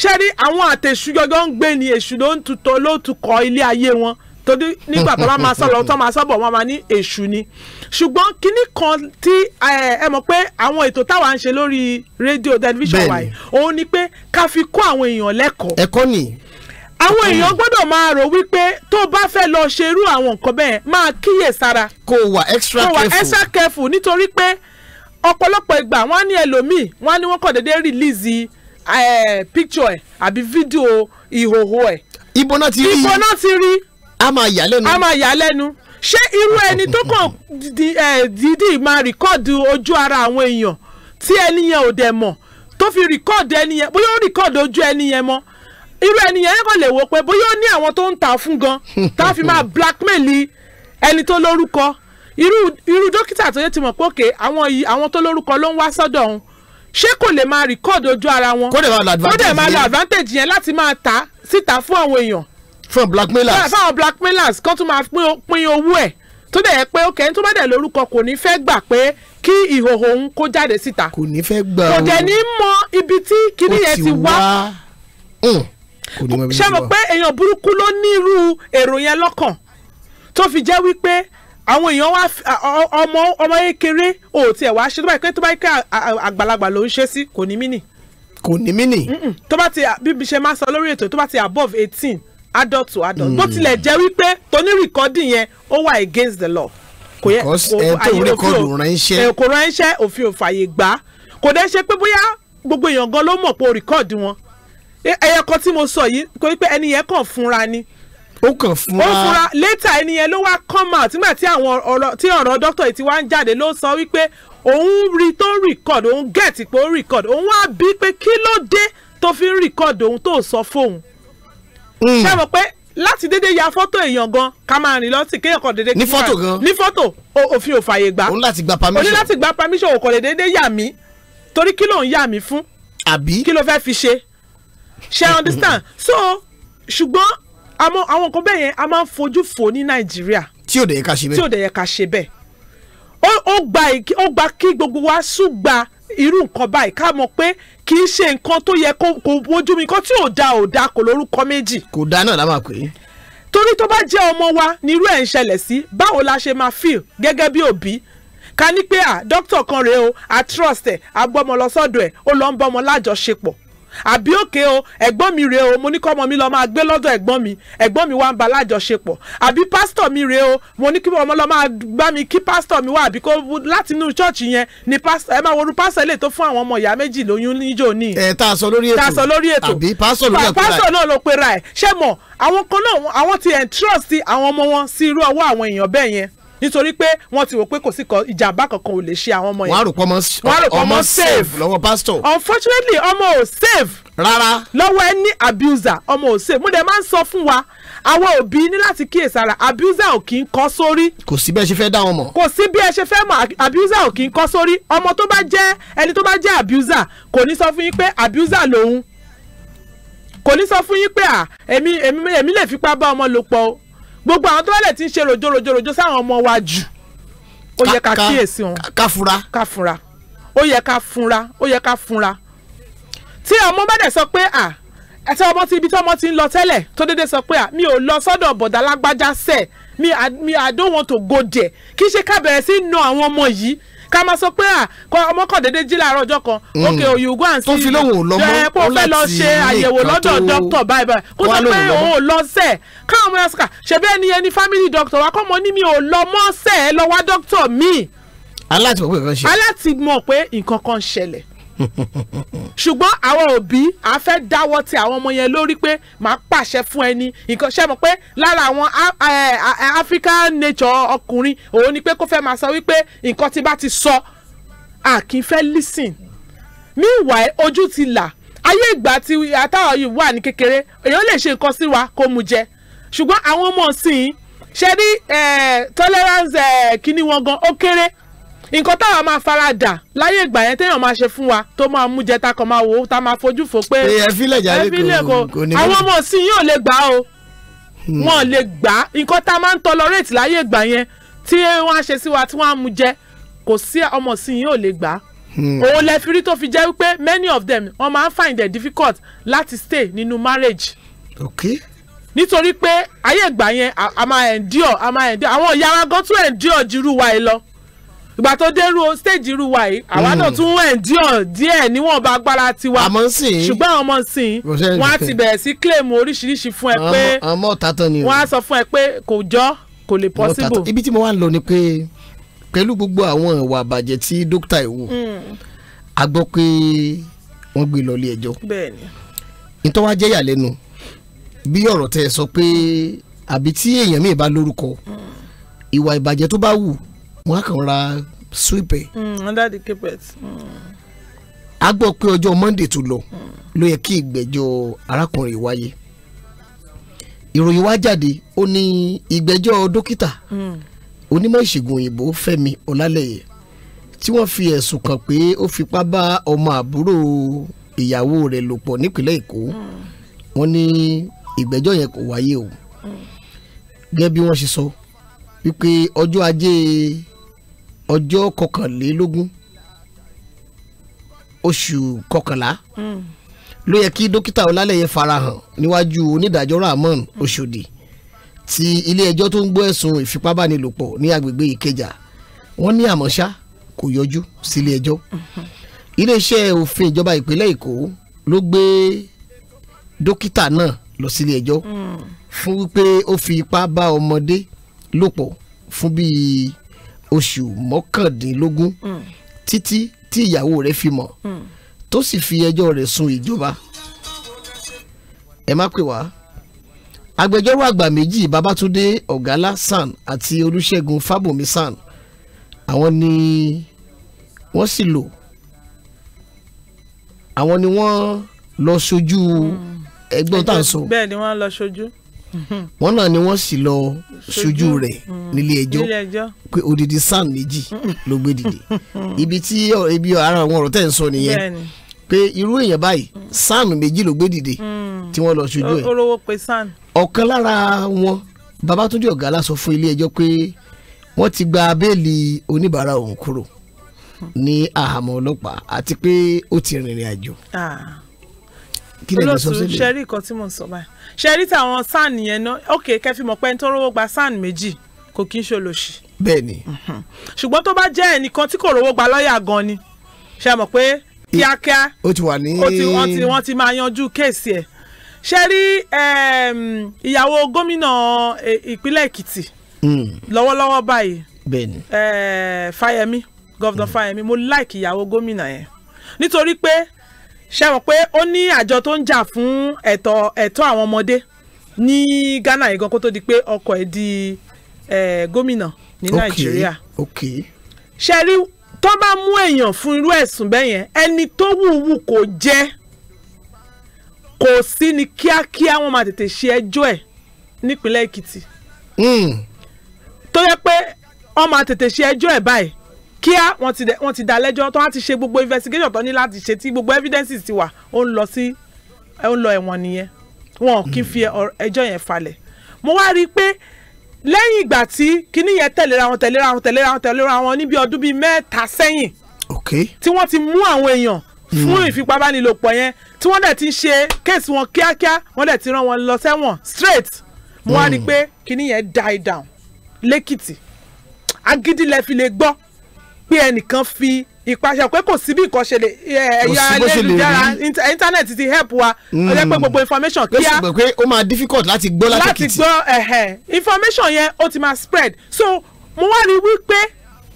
ṣé rí àwọn àtẹ̀ṣù gọ́gọ́ ń gbé ni èṣù ló ń tutọ́ ló tukọ̀ ilé ayé wọn torí nígbà tó bá máa sọ lọ tó máa sábà wọ́n máa ní èṣù ni ṣùgbọ́n kinní kan tí eh, ẹ mọ̀ pé àwọn ètò táwa ń ṣe lórí rédíò tẹlifíṣàn wa yìí òun ni pé ká fi kó àwọn èèyàn lẹ́kọ̀ọ́. ẹ̀kọ́ ni. àwọn èèyàn gbọ́dọ̀ máa rò wípé tó bá fẹ́ lọ ṣe irú àwọn nǹkan bẹ́ẹ̀ máa kíyè sára. kó wà extra careful. kó wà extra careful nítorí pé ọ̀pọ̀lọpọ̀ ìgbà wọ́n á ní ẹlòmíì wọ́n á ní wọ́n kàn déédéé release eh, picture ẹ̀ àbí video ìhòòhò ẹ̀. ibo náà ti rí. ibo náà ti rí. a máa yà lẹ́nu. a máa yà lẹ́nu ṣé irú ẹni tó kàn dídì máa rìkọ́ọ̀dù ojú ara àwọn èèyàn tí ẹni yẹn ò dẹ̀ mọ̀ tó fi rìkọ́ọ̀dù ẹni yẹn bóyá ó rìkọ́ọ̀dù ojú ẹni yẹn mọ́ irú ẹni yẹn kàn lè wò pé bóyá ó ní àwọn tó ń tà fún gan tá a fi máa blackmail ẹni tó lórúkọ irú irú dókítà tó yẹ ti mọ̀ pé òkè àwọn tó lórúkọ ló ń wá sọ́dọ̀ òun ṣé kò lè máa rìkọ́ọ̀dù ojú ara wọn kó dẹ̀ máa lo advantage yẹn láti máa ta síta fún àwọn èèyàn fún blackmailers. fún àwọn blackmailers kan tún máa pín owó ẹ̀ tó dẹ̀ yẹ pé ó kẹ́ni tó bá dẹ̀ lórúkọ kò ní fẹ́ gbà pé kí ìhòòhò òun kó jáde síta. kò ní fẹ́ gbà o kò dẹ̀ ní mọ ibi tí kinní yẹn ti wá. ṣé mo pé èèyàn burúkú ló ní irú èrò yẹn lọ́kàn tó fi jẹ́ wípé àwọn èèyàn wá ọmọ ọmọ kékeré ò tiẹ̀ wá ṣe tó bá yẹ pé tó bá yẹ pé àgbàlagbà ló ń ṣe sí kò ní mí nì. kò ní mí nì. tó bá ti bí ṣe máa sọ lórí ètò tó bá ti above eighteen adult to adult hmm. bó tilẹ̀ jẹ́ wípé tóní recording yẹn ó wà against the law kò yẹ eh, eh, kò ránṣẹ́ òfin òfààyè gbà kò dẹ́ ṣe pé bóyá gbogbo èèyàn gan ló mọ̀ pé o record wọn e, ẹyẹ kan tí mo sọ yìí kò wípé ẹni yẹn kàn fúnra ni ó kàn fúnra ó fúnra later ẹni yẹn ló wá come out nígbà tí àwọn ọ̀rọ̀ tí ọ̀rọ̀ doctor ti wá ń jáde ló sọ wípé òun rí tó ń òun get pé ó record òun wá bí pé kí ló dé tó fi ń record òun tó sọ fóun Hmm. ṣé mo pé láti dédé ya fọ́tò èèyàn gan ká máa rìn lọ́tì kéèyàn kan dédé. ní fọ́tò gan ní fọ́tò òfin ò fààyè gbà. òun láti gba permission. òun láti gba permission òkò lè dédé yà mí torí kí ló ń yà mí fún. àbí kí ló fẹ́ fi ṣe. ṣe understand so ṣùgbọ́n àwọn nǹkan bẹ́ẹ̀ yẹn a máa ń fojú fò ní nàìjíríà. tí ò dẹ̀ yẹ ká ṣe bẹ́ẹ̀. tí ò dẹ̀ yẹ ká ṣe bẹ́ẹ̀. ó gba kí gbogbo wa ṣùgbà irú nǹkan báyìí ká mọ̀ pé kì í ṣe nǹkan tó yẹ kó wojú mi nǹkan tí ò da ò da kò lórúkọ méjì. kò da náà la máa torí tó bá jẹ́ ọmọ wa ni irú ẹ̀ ń ṣẹlẹ̀ sí báwo la ṣe máa feel gẹ́gẹ́ bí òbí ká ní pé à dókítà kan rèé o a trust ẹ̀ a gbọ́mọ lọ sọ́dọ̀ ẹ̀ ó lọ ń bọ́mọ lájọṣepọ̀ àbí òkè o ẹ̀gbọ́n mi rèé o mo ní kọ́mọ mi lọ́ọ́ máa gbé lọ́dọ̀ ẹ̀gbọ́n mi ẹ̀gbọ́n mi wá ń ba lájọṣepọ̀ àbí pásítọ̀ mi rèé o mo ní kí ọmọ lọ́ọ́ máa bá mi kí pásítọ̀ mi wá àbí kó láti inú ṣọ́ọ̀ṣì yẹn ni ẹ máa woru pásítọ̀ ilé tó fún àwọn ọmọ ìyá méjì lóyún níjó ní. ẹ tá a sọ lórí ètò Ta a sọ lórí ètò àbí pásítọ̀ ló yẹ kó ra ẹ pásítọ̀ náà ló pera ẹ ṣé mọ̀ àwọn kan náà àwọn ti entrust àwọn ọmọ wọn sí irú ọwọ́ àwọn èèyàn bẹ́ẹ̀ yẹn nítorí pé wọ́n ti wò pé kò sí kan ìjàmbá kankan ò lè ṣe àwọn ọmọ yẹn. wọ́n á rò ọmọ save lọ́wọ́ pastor. unfortunately ọmọ ò save. rárá. lọ́wọ́ ẹni abuser ọmọ ò save mo dẹ̀ máa ń sọ fún wa àwọn òbí ní láti kíyèsára abuser ò kì í kọ́ sórí. kò sí bí ẹ ṣe fẹ́ dá wọn mọ̀. kò sí bí ẹ ṣe fẹ́ mọ̀ abuser ò kì í kọ́ sórí ọmọ tó bá jẹ́ ẹni tó bá jẹ́ abuser kò ní sọ fún yín pé abuser lòun kò ní sọ fún yín pé à èmi èmi èmi lè fipá bá ọmọ lò pọ̀ o gbogbo àwọn tó bá lè ti ń ṣe rojorojorojo sáwọn ọmọ wa jù ó yẹ ká kíyèsí wọn ká fura ká fura ó yẹ ká fura ó yẹ ká fura tí ọmọ bá dẹ̀ sọ pé à ẹsẹ ọmọ ti ibi tí ọmọ ti ń lọ tẹ́lẹ̀ tó déédéé sọ pé à mi ò lọ sọ́dọ̀ bọ̀dá lágbájá sẹ̀ mi I, mi I don't want to go there kì í ṣe ká bẹ̀rẹ̀ sí na àwọn ọmọ yìí ká máa sọ pé ọmọ kan dédé jí láàárọ̀ ọjọ́ kan mm. ok oyu go and see tó fi lóhùn lọ́mọ ẹ kó fẹ́ lọ ṣe àyẹ̀wò lọ́dọ̀ dókítà báyìí báyìí kó sọ pé òun ò lọ sẹ̀ káwọn ọmọ yasika ṣebí ẹni ẹni family doctor wa kọ́ mọ ní mi ò lọ mọ́ sẹ̀ ẹ lọ wá dókítà mi. aláti mọ̀ pé nǹkan ṣẹlẹ̀. aláti mọ̀ pé nǹkan kan ṣẹlẹ̀ ṣùgbọ́n àwọn òbí a fẹ́ dáwọ́ ti àwọn ọmọ yẹn lórí pé màá pàṣẹ fún ẹni nǹkan ṣe mọ̀ pé lára àwọn African nature ọkùnrin òun ni pé kó fẹ́ máa sọ wípé nǹkan tí bá ti sọ a kì í fẹ́ listen meanwhile ojú ti là ayé ìgbà tí àtàwọn yìí wà ní kékeré èèyàn lè ṣe nǹkan sí wa kó mu jẹ ṣùgbọ́n àwọn ọmọ ọ̀sìn ṣe ní tolerance kíní wọn gan ó kéré. Okay nǹkan táwa máa faradà láyé ìgbà yẹn téèyàn máa ṣe fún wa tó máa mú jẹta kan máa wò ó tá máa fojú fo pé ẹ fílẹ̀ jáde kò ní. àwọn ọmọ sí yóò lè gbà o hmm. wọn lè gbà nǹkan tá a máa ń tolerate láyé ìgbà yẹn tí wọ́n á ṣe sí wa tí wọ́n á mú jẹ kò sí ọmọ sí yóò lè gbà hmm. òun lè fi rí tó fi jẹ́ wípé many of them wọ́n máa ń find it difficult láti stay nínú marriage. okay nítorí pé ayé ìgbà yẹn a máa endure a máa endure àwọn ìyá wa gan tún endure jùrú wa ẹ lọ ìgbà tó dérú stage irú wa yìí àwa náà hmm. tún endure díẹ̀ níwọ̀nba agbára tiwa ṣùgbọ́n àwọn ọmọ sìn wọ́n á ti bẹ̀rẹ̀ sí claim oríṣiríṣi fún ẹ pé wọ́n á sọ fún ẹ pé kò jọ́ kò lè possible. ibi tí mo wá ń lọ ni pé pẹ̀lú gbogbo àwọn ìwà àbàjẹ́ tí dókítà yìí wò hmm. a gbọ́ pé wọ́n gbé lọ ẹjọ́ nítorí wá jẹ́ ìyàlẹ́nu bí ọ̀rọ̀ tẹ́ sọ pé àbí tí èèyàn mi bá lórúkọ hmm. ìwà ìbàjẹ́ tó bá wù wọ́n á kàn ra sweeper. Mm, under the carpet. Mm. a gbọ́ pé ọjọ́ monday tó lọ ló yẹ kí ìgbẹ́jọ́ arákùnrin wáyé ìròyìn wá jáde ó ní ìgbẹ́jọ́ dókítà mm. onímọ̀ ìṣègùn òyìnbó fẹ́mi ọlálẹ́yẹ tí wọ́n fi ẹ̀sùn kàn pé ó fipá bá ọmọ àbúrò ìyàwó rẹ̀ lò pọ̀ nípínlẹ̀ èkó wọ́n ní ìgbẹ́jọ́ yẹn kò wáyé o gẹ́gẹ́ bí wọ́n ṣe sọ wípé ọjọ́ ajé ọjọ́ kọkànlélógún oṣù kọkànlá hmm. ló yẹ kí dókítà ọlálẹyẹ farahàn níwájú onídàájọ́ rahman oṣòdì ti ilé-ẹjọ́ tó ń gbọ́ ẹ̀sùn ìfipábánilòpọ̀ ní agbègbè ìkẹjà wọ́n ní àmọ́ṣá kò yọjú sílé ẹjọ́ hmm. iléeṣẹ́ òfin ìjọba ìpínlẹ̀ èkó ló gbé dókítà náà lọ sílé ẹjọ́ hmm. fún wípé ó fi ipá bá ọmọdé lòpọ̀ fún bíi oṣù mọ́kàndínlógún hmm. títí tí ìyàwó rẹ̀ fi mọ̀ hmm. tó sì fi ẹjọ́ rẹ̀ sun ìjọba ẹ má pè wá agbẹjọ́rò àgbà méjì babatunde ọ̀gálá san àti olúṣẹ́gun fábùnmi san àwọn ni wọ́n sì lò àwọn ni wọ́n lọ ṣojú hmm. ẹgbẹ́ tá à ń sọ. bẹ́ẹ̀ ni wọ́n lọ ṣojú wọn náà ni wọ́n sì lọ ṣojú rẹ̀ mm. nílé ẹjọ́ pé odidi sáà méjì ló gbé dìde ibi tí ibi ara àwọn ọ̀rọ̀ tẹ̀ ń sọ nìyẹn pé irú èèyàn báyìí sáà méjì ló gbé dìde mm. tí wọ́n lọ ṣojú ẹ̀ ọ̀kan lára wọn Babátúndé Ọ̀gálá sọ fún ilé ẹjọ́ pé wọ́n ti gba béèlì oníbàárà òun kúrò hmm. ní àhámọ́ ọlọ́pàá àti pé ó ti rìnrìn àjò. Ah kí lè lọ sọ sílẹ̀ olóòtú ṣẹ́rí nǹkan tí mò ń sọ báyìí ṣẹ́rí táwọn san yẹn náà ok kẹfì mọ̀ pé ń tó rówó gba san méjì kò kí ń ṣolòṣì. bẹ́ẹ̀ni. Mhm. ṣùgbọ́n tó bá jẹ́ ẹnìkan tí kò rówó gba lọ́ọ̀yà gan ni ṣe mọ̀ pé kíákíá ó ti wà ní. ó ti wọ́n ti wọ́n ti máa yanjú kéèsì ẹ̀ ṣe ehm, ìyàwó gómìnà e, ìpínlẹ̀ Èkìtì hmm. lọ́wọ́lọ́wọ́ báyìí bẹ́ẹ̀ni eh, Fáyẹmí hmm. like ìyàwó gómìnà yẹn nítorí pé ṣé mọ̀ pé ó ní àjọ tó ń jà fún ẹ̀tọ́ ẹ̀tọ́ àwọn ọmọdé ní Ghana yìí gan kó tó di pé ọkọ ẹ̀ di gómìnà ní Nàìjíríà ṣe rí tó bá mú èèyàn fún irú ẹ̀sùn bẹ́ẹ̀ yẹn ẹni tó wùwù kò jẹ́ kò sí ní kíákíá wọ́n máa tètè ṣe ẹjọ́ ẹ̀ nípínlẹ̀ Èkìtì hmm. tó yẹ pé wọ́n máa tètè ṣe ẹjọ́ ẹ̀ báyìí kíá wọ́n ti wọ́n ti dá lẹ́jọ́ tó wá ti ṣe gbogbo investigation tó ní láti ṣe tí gbogbo evidences ti wà ó ń lọ sí ó ń lọ ẹ̀wọ̀n nìyẹn wọn kì í fi hmm. ẹjọ́ yẹn falẹ̀ mo wá rí i pé lẹ́yìn ìgbà tí kinní yẹn tẹ̀léra wọn tẹ̀léra wọn tẹ̀léra wọn tẹ̀léra wọn níbi ọdún bíi mẹ́ta sẹ́yìn tí wọ́n ti mú àwọn èèyàn fún hmm. ìfipábánilòpọ̀ yẹn tí wọ́n dẹ̀ ti ṣe kéèsì wọn kíákíá wọ́n dẹ̀ ti rán wọn lọ sẹ́wọ̀n straight mo wá rí i hmm. pé kinní yẹn die down lẹ́kìtì agídí lẹ fi lè gbọ́ pé ẹnìkan fi ipa ṣe pé kò sí bí nǹkan ṣe lè ẹ̀yà ayélujára íńtánẹ́ẹ̀tì ti help wa ó jẹ́ pé hmm. gbogbo information kíá ló sì gbọ́ pé ó máa difficult láti gbọ́ látòkìtì láti gbọ́ information yẹn ó ti máa spread so mo wá rí wípé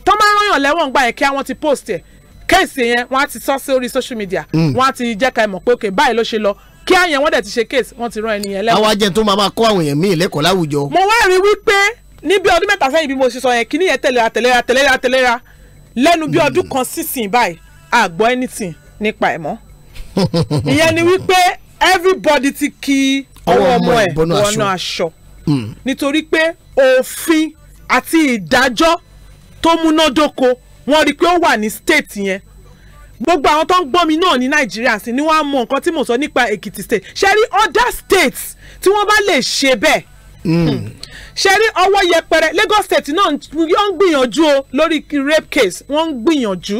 tọ́ máa ń rányàn lẹ́wọ̀n gbà yẹn kí wọ́n ti post ẹ̀ kéèsì yẹn wọ́n á ti sọ sí orí social media hmm. wọ́n á ti jẹ́ ká mọ̀ pé òkè báyìí ló ṣe lọ kí àyẹn wọ́n dẹ̀ ti ṣe kéèsì wọ́n ti rán ẹni yẹn lẹ́wọ̀n. àwọn ajẹ́ tó máa máa kọ́ àwọn èèyàn míì lẹ́kọ̀ọ́ láwùjọ. mo wá rí wípé níbi ọdún mẹ́ta sẹ́yìn bí mo ṣe sọ yẹn kíní yẹn tẹ̀léra tẹ̀léra tẹ̀léra tẹ̀léra lẹ́nu bí hmm. ọdún kan sísìn báyìí a gbọ́ anything nípa ẹ̀ mọ́ ìyẹn ni wípé everybody ti kí ọwọ́ ọmọ ẹ̀ wọnú aṣọ hmm. nítorí pé òfin àti ìdájọ́ tó múnádóko wọ́n rí i pé ó wà ní state yẹn gbogbo àwọn tó ń gbọ́ mi náà ní nàìjíríà sí ni wọ́n á mọ nǹkan tí mo sọ nípa èkìtì state ṣe rí other states tí wọ́n bá lè ṣe bẹ́ẹ̀ hmm ṣe rí ọwọ́ yẹpẹrẹ Lagos State náà yóò ń gbìyànjú o lórí rape case wọ́n ń gbìyànjú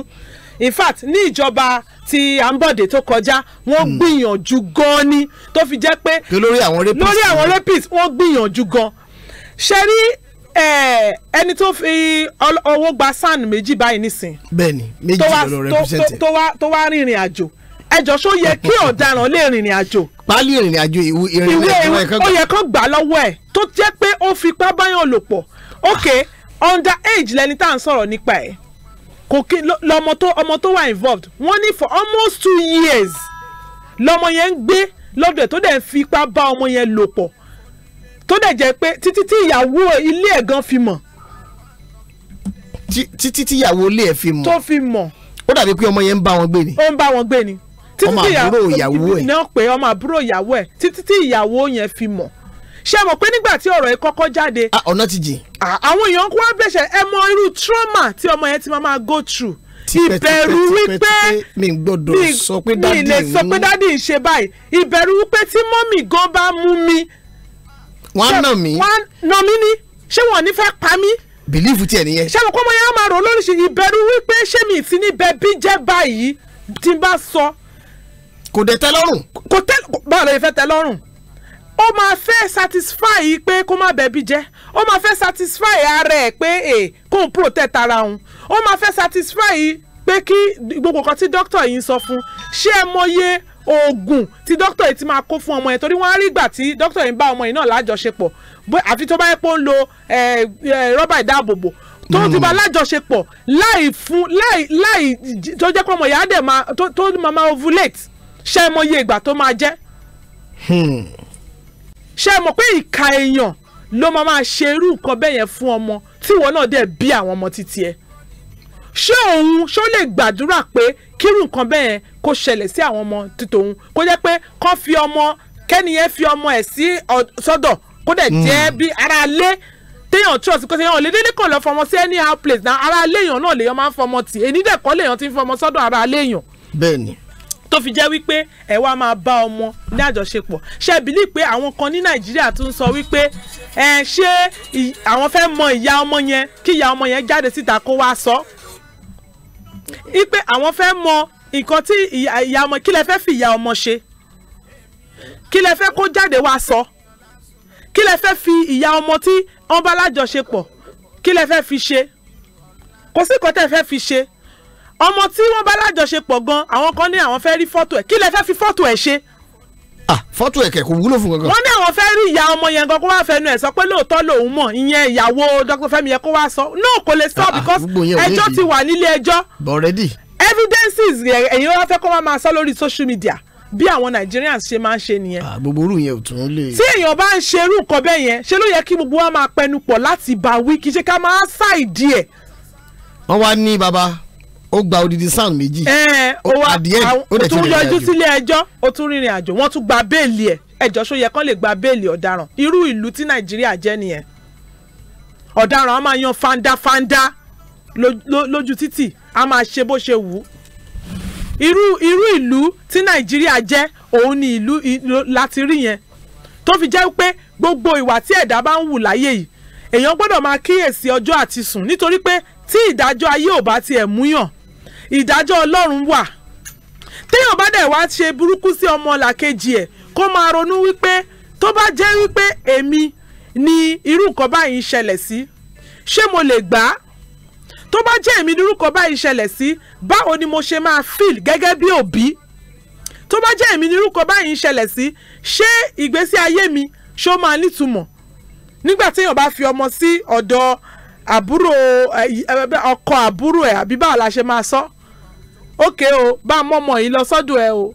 in fact ní ìjọba ti Ambode tó kọjá wọ́n hmm. gbìyànjú gan ni tó fi jẹ́ pé lórí àwọn rapists wọ́n gbìyànjú gan ṣe rí ẹni tó fi owó gba san méjì báyìí nísìn. bẹ́ẹ̀ni méjì ló lọ represent. tó wá rìnrìn àjò ẹ jọ ṣó yẹ kí ọ̀daràn lè rìnrìn àjò. pálí ìrìnrìn àjò ìwé ìrìnrìn àjò ẹ̀kọ́ gbà. ó yẹ kán gbà lọ́wọ́ ẹ̀ tó jẹ́ pé ó fipá báyàn lò pọ̀ ok under age lẹni tá à ń sọ̀rọ̀ nípa ẹ̀ kò kí lọmọ tó ọmọ tó wà involved wọ́n ní for almost two years lọmọ yẹn ń gbé lọ́dọ̀ ẹ̀ tó dẹ̀ ń fipá bá ọmọ yẹn lò pọ̀ tó dẹ̀ jẹ́ pé títí tí ìyàwó ilé ẹ̀ gan fi mọ̀. títí tí ìyàwó ilé ẹ̀ fi mọ̀. tó fi mọ̀. ó dàbí pé ọmọ yẹn ń bá wọn gbé ni. ó ń bá wọn gbé ni ọmọ àbúrò ìyàwó ẹ̀ náà pé ọmọ àbúrò ìyàwó ẹ̀ títí tí ìyàwó yẹn fi mọ̀ ṣé mọ̀ pé nígbà tí ọ̀rọ̀ yìí kọ́kọ́ jáde. Ah, ọ̀nà ti jìn. àwọn èèyàn kó wá bẹ̀ṣẹ̀ ẹ mọ irú trauma tí ọmọ yẹn ti máa máa go through. ìbẹ̀rù wípé mi gbọ́dọ̀ sọ pé dádì ń mi lè sọ pé dádì ń ṣe báyìí ìbẹ̀rù wípé tí mọ́mì gan bá mú mi. wọ́n á nà mí. wọ́n á nà mí ni ṣé wọ́n ní fẹ́ pa mí bìlífù tiẹ̀ nìyẹn. ṣé mo kọ́ mọ yẹn á máa rò lóríṣi ìbẹ̀rù wípé ṣé mi ti ní bẹ bí báyìí tí n bá sọ kò dé tẹ́ lọ́rùn. kò tẹ́ báwo ló fẹ́ tẹ́ lọ́rùn ó máa fẹ́ satisfy yìí pé kó má bẹ̀bí jẹ́ ó máa fẹ́ satisfy ara ẹ̀ pé eh, kó n protect ara òun ó máa fẹ́ satisfy yìí pé kí gbogbo nǹkan tí dókítà yìí ń sọ fún ṣé ẹ mọye oògùn tí dókítà yìí ti máa kó fún ọmọ yẹn torí wọ́n á rí ìgbà tí dókítà yìí ń bá ọmọ yìí náà lájọṣepọ̀ àfi tó bá yẹ pé ó ń lo rọ́bà ìdáàbòbò tó ti bá lájọṣepọ̀ láì fún láì láì tó jẹ́ pé ọmọ yàrá dẹ̀ máa tó máa ovulate ṣé ẹ mọ iye ìgbà tó máa jẹ́ hmm. ṣé ẹ mọ̀ pé ìka èèyàn ló máa máa ṣe irú nǹkan bẹ́ẹ̀ yẹn fún ọmọ tí ìwọ náà dẹ̀ bí àwọn ọmọ títí ẹ ṣé òun ṣó lè gbàdúrà pé kírun nǹkan bẹ́ẹ̀ yẹn kó ṣẹlẹ̀ sí àwọn ọmọ títòun kó jẹ́ pé kán fi ọmọ kẹ́niyẹn fi ọmọ ẹ̀ sí sọ́dọ̀ kó dẹ̀ jẹ́ hmm. bí ara lé téèyàn trust pé téèyàn lè dédé kàn lọ fọmọ sí anyhow place na ara léèyàn náà lèèyàn máa ń fọmọ tì èyí dẹ̀ kọ́ lèèyàn ti ń fọmọ sọ́dọ̀ ara léèyàn. bẹ́ẹ̀ni tó fi jẹ́ wípé ẹ wá máa bá ọmọ ní àjọṣepọ̀ ṣe bìlí pé àwọn kan ní nàìjíríà tó ń sọ wípé ẹ ṣé àwọn fẹ́ mọ ìyá ọmọ yẹn kí ìyá ọmọ yẹn jáde síta kó wá sọ wípé àwọn fẹ́ mọ nǹkan tí ìyá ọmọ kí lẹ fẹ́ fi ìyá ọmọ ṣe kí lẹ fẹ́ kó jáde wá sọ kí lẹ fẹ́ fi ìyá ọmọ tí wọ́n bá lájọṣepọ̀ kí lẹ fẹ́ fi ṣe kò sí nǹkan tẹ́ fẹ́ fi ṣe ọmọ tí wọ́n bá lájọṣepọ̀ gan àwọn kan ní àwọn fẹ́ rí fọ́tò ẹ̀ kí lẹ fẹ́ fi fọ́tò ẹ̀ ṣe. ah fọ́tò ẹ̀ kẹ̀ kò wúlò fún kankan. wọ́n ní àwọn fẹ́ rí ìyá ọmọ yẹn gan kó wá fẹnu ẹ̀ sọ pé lóòótọ́ lòun mọ̀ ìyẹn ìyàwó Dr. Fẹ́mi yẹn kó wá sọ no kò lè sọ because ẹjọ́ ti wà nílé ẹjọ́ evidences ẹ̀yin wá fẹ́ kó wá máa sọ lórí social media bí àwọn Nigerians ṣe máa ń ṣe nìyẹn. gbogbo orú yẹn ò tún lè. tí èèyàn bá ń ṣerú nǹkan bẹ́ẹ̀ yẹn ṣé ló yẹ kí gbogbo wa máa pẹnu pọ̀ láti bá wí kí ṣe ká máa ṣàìdí ẹ̀. wọ́n wá ní bàbá ó gba odidi sound méjì. ẹ ó wá ó tún yọjú sílé ẹjọ́ ó tún rìnrìn àjò wọ́n tún gba béèlì ẹ̀ ẹjọ́ ṣó yẹ kán lè gba béèlì ọ̀daràn irú ìlú tí nàìjíríà jẹ́ nìyẹn ọ̀daràn á máa yan fandafanda lójú títì á máa ṣe bó ṣe wù ú irú ìlú tí nàìjíríà jẹ́ òun ni ìlú láti rí yẹn tó fi jẹ́ pé gbogbo ìwà tí ẹ̀dá bá ń wù láyé yìí èèyàn gbọ́dọ̀ máa kíyèsí ọjọ́ àti sùn nítorí pé tí ìdájọ́ ayé ò bá tiẹ̀ múyàn ìdájọ́ ọlọ́run wà téèyàn bá dẹ̀ wá ṣe burúkú sí ọmọ làkejì ẹ̀ kó máa ronú wípé tó bá jẹ́ wípé èmi ni irú nǹkan báyìí ń ṣẹlẹ̀ sí ṣé mo lè gbà á tó bá jẹ́ èmi ni irú nǹkan báyìí ń ṣẹlẹ̀ sí báwo ni mo ṣe máa feel gẹ́gẹ́ bí òbí tó bá jẹ́ èmi ni irú nǹkan báyìí ń ṣẹlẹ̀ sí ṣé ìgbésí ayé mi ṣó máa nítumọ̀ nígbà téèyàn bá fi ọmọ sí ọ̀dọ̀ àbúrò ọkọ àbúrò ẹ̀ àbí báwo la ṣe máa sọ. So? ókè o bá a mọ̀mọ́ yìí lọ sọ́dọ̀ ẹ o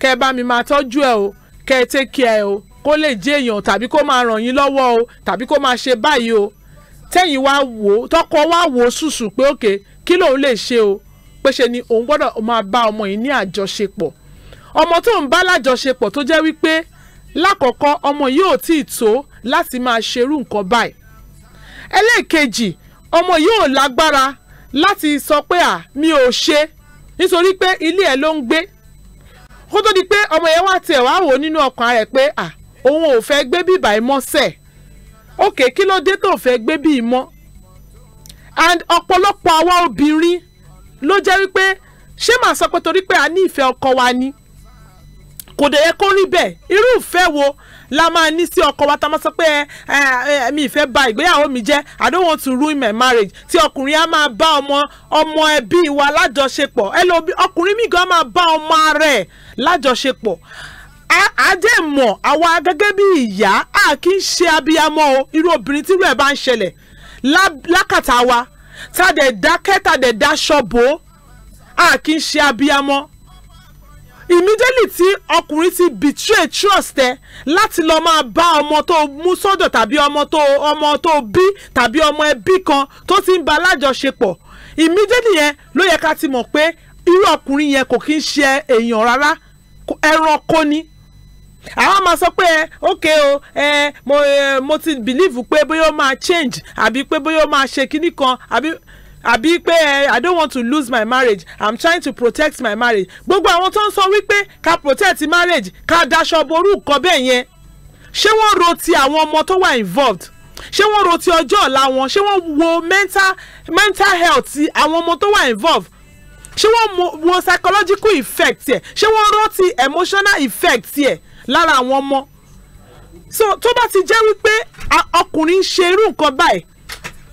kẹ́ bá mi máa tọ́jú ẹ o kẹ́ ẹ take care ẹ o kó lè jẹ́ èèyàn tàbí kó máa ràn yín lọ́wọ́ o tàbí kó máa ṣe báyìí o tẹ́yìn wá wò ó tọkọ wá wò ó sùsù pé òkè kí lòun lè ṣe o pé ṣe ni òun gbọ́dọ̀ máa bá ọmọ yìí ní àjọṣepọ̀ ọmọ tó ń bá lájọṣepọ̀ tó jẹ́ wípé lákọ̀ọ́kọ́ ọmọ yìí ò tí ì tó láti máa ṣerú nǹkan báyìí ẹlẹ́ẹ̀kejì ọmọ yìí ò lágbára láti sọ pé à mi ò ṣe nítorí pé ilé ẹ̀ ló ń gbé kó tó di pé ọmọ yẹn wá tiẹ̀ wá wò nínú ọkàn rẹ̀ pé à òun ò fẹ́ gbé bí ìbà ìmọ̀ sẹ̀ òkè kí ló dé tó fẹ́ gbé bí ìmọ̀ and ọ̀pọ̀lọpọ̀ àwa obìnrin ló jẹ́ wípé ṣé màá sọ pé torí pé a ní ìfẹ́ ọkọ wa ni kò dẹ̀ yẹ kó rí bẹ́ẹ̀ irú ìfẹ́ wo la máa ní sí ọkọ wa tá a máa sọ pé ẹ eh, eh, eh, mi ìfẹ́ bà ìgbéyàwó mi jẹ́ I don't want to ruin my marriage tí ọkùnrin á máa bá ọmọ ọmọ ẹbí wa lájọṣepọ̀ ẹ lọ ọkùnrin mi gan máa bá ọmọ rẹ̀ lájọṣepọ̀ àjẹ́ mọ̀ àwa gẹ́gẹ́ bí ìyá a kì í ṣe abiyamọ o irú obìnrin tí irú ẹ̀ bá ń ṣẹlẹ̀ lákàtà wa tá a dẹ̀ dákẹ́ tá a dẹ̀ dá ṣọ́bọ̀ a kì í ṣe abiyamọ immediately tí ọkùnrin ti betray trust ẹ láti lọ máa bá ọmọ tó mú sọ́dọ̀ tàbí ọmọ tó ọmọ tó bí tàbí ọmọ ẹbí kan tó ti ń ba alájọṣepọ̀ immediately yẹn ló yẹ ká ti mọ̀ pé irú ọkùnrin yẹn kò kí ń ṣe èèyàn rárá ẹranko ni àwọn máa sọ pé ok o mo, eh, ti believe pé bóyá ó máa change àbí pé bóyá ó máa ṣe kinní kan àbí àbí pé eh, i don't want to lose my marriage i'm trying to protect my marriage gbogbo àwọn tó ń sọ wípé ká protect marriage ká daṣọ ború nǹkan bẹ́ẹ̀ yẹn ṣé wọ́n ro ti àwọn ọmọ tó wà involved ṣé wọ́n ro ti ọjọ́ ọ̀la wọn ṣé wọ́n wo mental mental health ti àwọn ọmọ tó wà involved ṣé wọ́n wo psychological effect ẹ̀ ṣé wọ́n ro ti emotional effect ẹ̀ lára àwọn ọmọ so tó bá ti jẹ́ wípé ọkùnrin ń ṣe irú nǹkan báyìí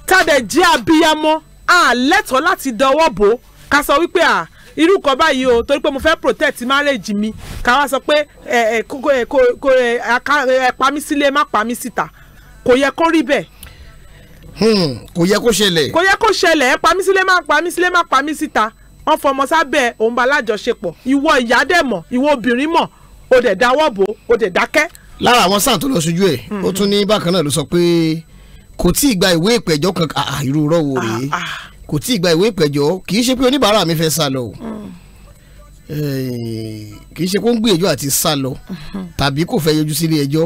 tá a dẹ̀ jẹ́ abiyamọ a lẹ́tọ̀ọ́ láti dọwọ́ bò ó ká sọ wípé à irú kan báyìí o torí pé mo fẹ́ protect marriage mi ká wá sọ pé ẹ ẹ kó ẹ kó ẹ pa mí sílé má pa mí síta kò yẹ kó rí bẹ́ẹ̀ hmm, kò yẹ kó ṣẹlẹ̀. kò yẹ kó ṣẹlẹ̀ ẹ pa mí sílé má pa mí sílé má pa mí síta wọn fọmọ sábẹ́ òun bá lájọṣepọ̀ ìwọ ìyá dẹ̀ mọ̀ ìwọ obìnrin mọ̀ o dẹ̀ dáwọ́ bò o dẹ̀ dákẹ́. lára àwọn sáà tó lọ sójú ẹ̀ hmm. ó tún ní bákan náà ló sọ pé kò tí ì gba ìwé ìpẹ̀jọ́ kankan ah, ah, irú rọ́ wo ah, rèé kò tí ì gba ìwé ìpẹ̀jọ́ kì í ṣe pé oníbàárà mi fẹ́ sá lọ o mm. eh, kì í ṣe pé ó ń gbìyànjú àti sá lọ mm-hmm. tàbí kò fẹ́ yọjú sílé ẹjọ́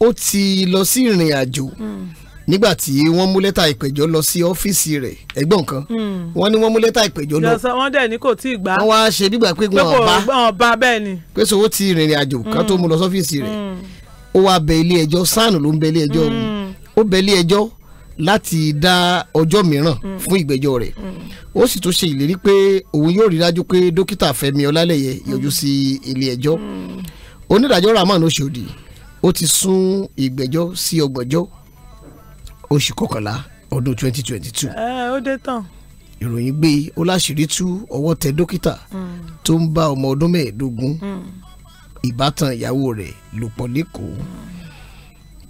ó ti lọ sí ìrìn àjò mm. nígbà tí wọ́n mú lẹ́tà ìpẹ̀jọ́ lọ sí ọ́fíìsì rẹ̀ ẹ̀gbọ́n kan mm. wọ́n ní wọ́n mú lẹ́tà ìpẹ̀jọ́ lọ. yọ̀sán dẹ̀ ní kò tí ì wọ́n wá ṣe bí gbà pé wọn ò bá bẹ́ẹ̀ ni. pé sọ wọ́n ti rìnrìn àjò ká tó mú lọ sọ́fíìsì rẹ̀ ó wá bẹ ilé ẹjọ́ sáànù ló ń bẹ ilé ẹjọ́ òun ó bẹ̀lẹ́ ẹjọ́ láti dá ọjọ́ mìíràn mm. fún ìgbẹ́jọ́ rẹ̀ mm. ó sì tún ṣe ìlérí pé òun yóò rí dájú pé dókítà Fẹ́mi Ọlálẹ̀yẹ mm. yọjú sí ilé ẹjọ́ onídàájọ́ Rahman Oṣòdì ó ti sún ìgbẹ́jọ́ sí ọgbọ̀njọ́ oṣù kọkànlá ọdún twenty twenty two. ẹ ó dé tán. ìròyìn gbé ó láṣìírí tú ọwọ́ tẹ dókítà tó ń bá ọmọ ọdún mẹ́ẹ̀ẹ́dógún ìbátan ìyàwó rẹ̀ lò pọ̀ lẹ́kọ̀ọ́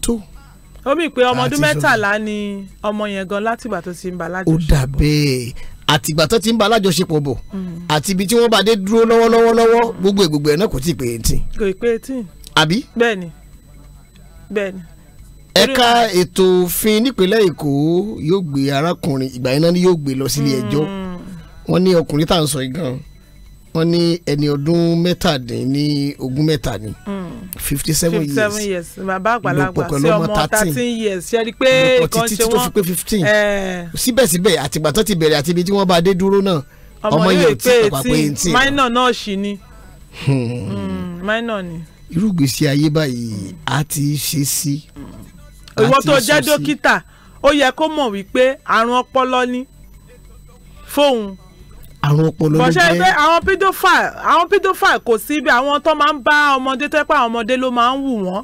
tó ó mì pé ọmọ ọdún mẹ́tàlá ni ọmọ yẹn gan látìgbà tó ti ń ba alájọṣepọ̀. ó dà bẹ́ẹ̀ àtìgbà tó ti ń ba alájọṣepọ̀ bọ̀ mm. àti ibi tí wọ́n bá dé dúró lọ́wọ́lọ́wọ́ gbogbo ìgbogbo ẹ̀ náà kò tí ì pé eighteen. kò ì pé eighteen. àbí. bẹ́ẹ̀ni bẹ́ẹ̀ni. ẹ̀ka ètò òfin nípínlẹ̀ èkó yóò gbé arákùnrin ìgbà yẹn náà ni yóò gbé lọ sílé ẹjọ́ mm. wọ́n ní ọkùnrin tá à ń sọ yìí gan-an wọ́n ní ẹni ọdún mẹ́tàdínní ogún mẹ́ta ni fifty seven years fifty seven years bàbá àgbàlagbà sí ọmọ thirteen years ṣe rí i pé nǹkan ṣe wọ́n tó síbẹ̀síbẹ̀ àtìgbà tó ti bẹ̀rẹ̀ àti ibi tí wọ́n bá dé dúró náà ọmọ yẹn ti pàpà pé eighteen minor náà ṣì ni hmm. Hmm, minor ni. irúgbèsè ayé báyìí a ti ṣe sí. ìwọ tó jẹ́ dókítà ó yẹ kó mọ̀ wípé àrùn ọpọlọ ni fóun àrùn ọpọlọ ló jẹ́. bọ̀ṣẹ́ pé àwọn pedophile àwọn pedophile kò sí bí àwọn tó máa ń bá ọmọdé tó pé àwọn ọmọdé ló máa ń wù wọ́n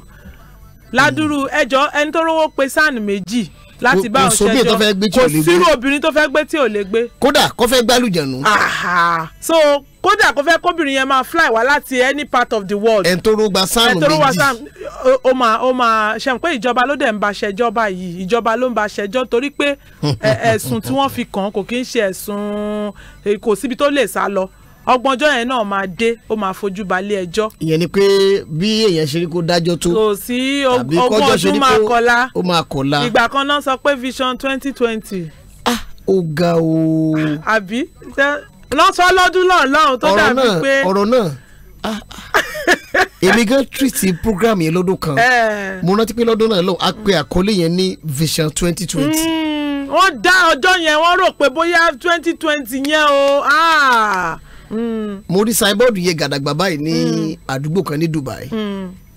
ládùúrú ẹjọ́ ẹni tó rówó pe sáànù méjì láti bá òun ṣẹjọ́ kò sírò obìnrin tó fẹ́ gbé tí ò lè gbé. kódà kó fẹ́ gbálùjẹ̀nu. so kódà kó fẹ́ kóbìnrin yẹn máa fly wá láti any part of the world. ẹ̀ńtọ́rọ̀gba sáàmù méjì ó máa ó máa ṣe pé ìjọba ló dẹ̀ ń ba ṣẹjọ́ báyìí ìjọba ló ń ba ṣẹjọ́ torí pé ẹ̀sùn tí wọ́n fi kàn kò kí ń ṣe ẹ̀sùn kò síbi tó lè sá lọ ọgbọ́njọ́ yẹn náà máa dé ó máa fojú balẹ̀ ẹjọ́. ìyẹn ni pé bí èèyàn ṣe rí kó dájọ́ tó. kò sí ogún ọdún máa kọlá ó máa kọlá. ìgbà kan náà sọ pé vision twenty twenty. ah ó ga o. àbí lọ́sọ lọ́dún náà lọ́hùn tó dàbí pé. ọ̀rọ̀ náà ọ̀rọ̀ ah, náà ah. èmi gan tírìtì program yẹn lọ́dún kan eh. mo rántí pé lọ́dún náà lọ́hùn a pe àkọlé yẹn ní vision twenty twenty hmm, wọ́n dá ọjọ́ yẹn wọ́n rò pé bóyá twenty twenty yẹn o ah mo rí signboard yẹ gàdàgbà báyìí ní àdúgbò kan ní Dubai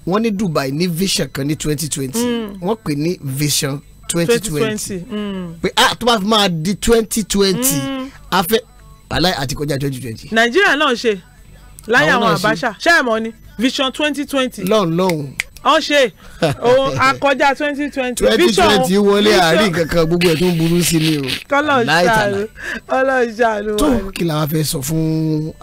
wọ́n ní Dubai ní vision kan ní twenty twenty pè ní vision 2020. twenty pé ah tó bá fi máa di twenty twenty a fẹ́ aláì àti kọjá twenty Nàìjíríà náà ṣe láyé àwọn Abacha ṣé ẹ mọ̀ ni vision 2020. twenty. lọ́n wọ́n ṣe òun akọjá twenty twenty. twenty twenty wọlé àárín kankan gbogbo ẹ̀ tó ń burú sí ni o. kọlọ́ọ̀ṣàánú kọlọ́ọ̀ṣàánú. tó kí la wá fẹ́ sọ fún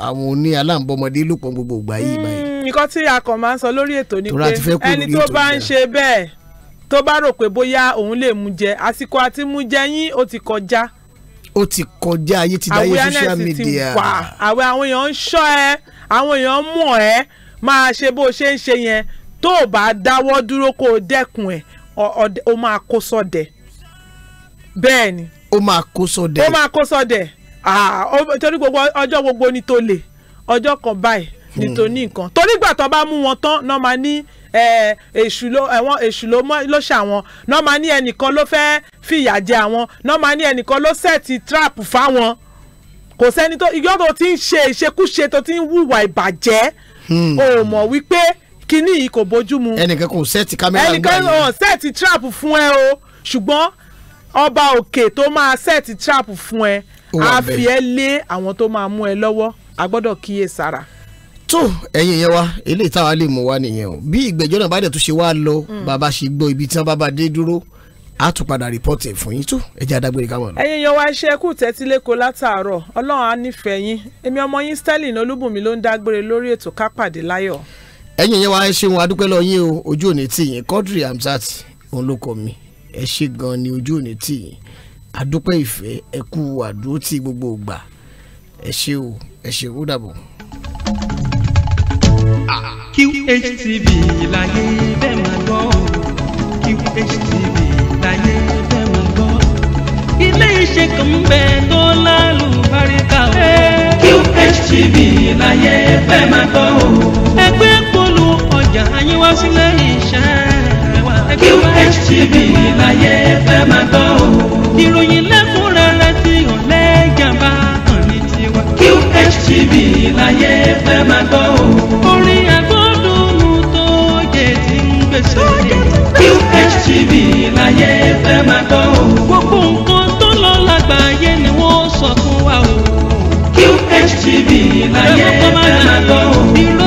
àwọn oní aláǹbọ̀mọdé lòpọ̀ gbogbo ìgbà yìí hmm, báyìí. nǹkan tí a kàn máa ń sọ lórí ètò ni pé ẹni tó bá ń ṣe bẹ́ẹ̀ tó bá rò pé bóyá òun lè mú jẹ àsìkò àti mú jẹ yín ó ti kọjá. ó ti kọjá ayé ti dáyé social media. àwẹ̀ àwọn èèyàn ń ṣọ́ ẹ àwọn èèyàn ń tó o bá dáwọ́ dúró kó o dẹ́kun ẹ̀ o máa kó sọdẹ bẹ́ẹ̀ ni. o máa kó sọdẹ. o máa kó sọdẹ torí gbogbo ọjọ́ gbogbo ni tó lè ọjọ́ kan báyìí ni tó hmm. ní nǹkan torí gbà tó bá mú wọn tán náà máa ní èṣù ló ẹ̀wọ̀n èṣù ló ló ṣàwọn náà máa ní ẹnìkan ló fẹ́ fìyà jẹ àwọn náà máa ní ẹnìkan ló sẹ́ẹ̀tì trap fáwọn kò sẹ́ni tó ìyọ́ tó ti ń ṣe ìṣekúṣe tó ti ń hùwà ìbàjẹ́ hmm. o mọ̀ wípé kinní yìí kò bójú mu. ẹnìkan kò sẹ́ẹ̀tì kámẹ́rà ń gbà yín. ẹnìkan sẹ́ẹ̀tì trap fún ẹ o ṣùgbọ́n ọba òkè tó máa sẹ́ẹ̀tì trap fún ẹ á fi ẹ lé àwọn tó máa mú ẹ lọ́wọ́ a gbọ́dọ̀ kíyè sára. tó ẹ̀yin yẹn wa eléyìí táwa lè mú wa nìyẹn o bí ìgbẹ́jọ́ náà bá dẹ̀ tó ṣe wá lọ mm. bàbá ṣe gbọ́ ibi tí wọ́n bá bá dé dúró a tún padà rìpọ́tì fún yín tó ẹjẹ́ adágbére káwọn. ẹ̀yin yan wa iṣẹ́ kù tẹ́tíléko látàárọ̀ ọlọ́run á nífẹ̀ẹ́ yín èmi ọmọ yín Sterling Olúbùnmi ló ń dágbére lórí ètò ká láyọ̀ ẹ̀yin yẹn wá ṣeun adúpẹ́ yín o ojú òní tì yín Quadri Hamzat òun ló kọ mi ẹ ṣe gan ni ojú òní tì yín adúpẹ́ ìfẹ́ ẹ kú àdúró tí gbogbo ògbà ẹ ṣe o ẹ ṣe ó dàbọ̀. QHTV láyé bẹ́ẹ̀ máa gbọ́ QHTV láyé bẹ́ẹ̀ máa gbọ́ ilé iṣẹ́ kan bẹ tó lálùbáríkà QHTV láyé bẹ́ẹ̀ máa gbọ́ o ìjà yín wá sílé iṣẹ́ wa. QHTV láyé fẹ́ máa gbọ́ o. ìròyìn lẹ́kùnrẹ́rẹ́ tí ọ̀lẹ́ jàmbá kan ní tiwa. QHTV láyé fẹ́ máa gbọ́ o. orin agbódùnmù tó jẹ ti ń gbèsè. QHTV láyé fẹ́ máa gbọ́ o. gbogbo nǹkan tó lọ lágbàáyé ni wọ́n sọ fún wa o. QHTV láyé fẹ́ máa gbọ́ o.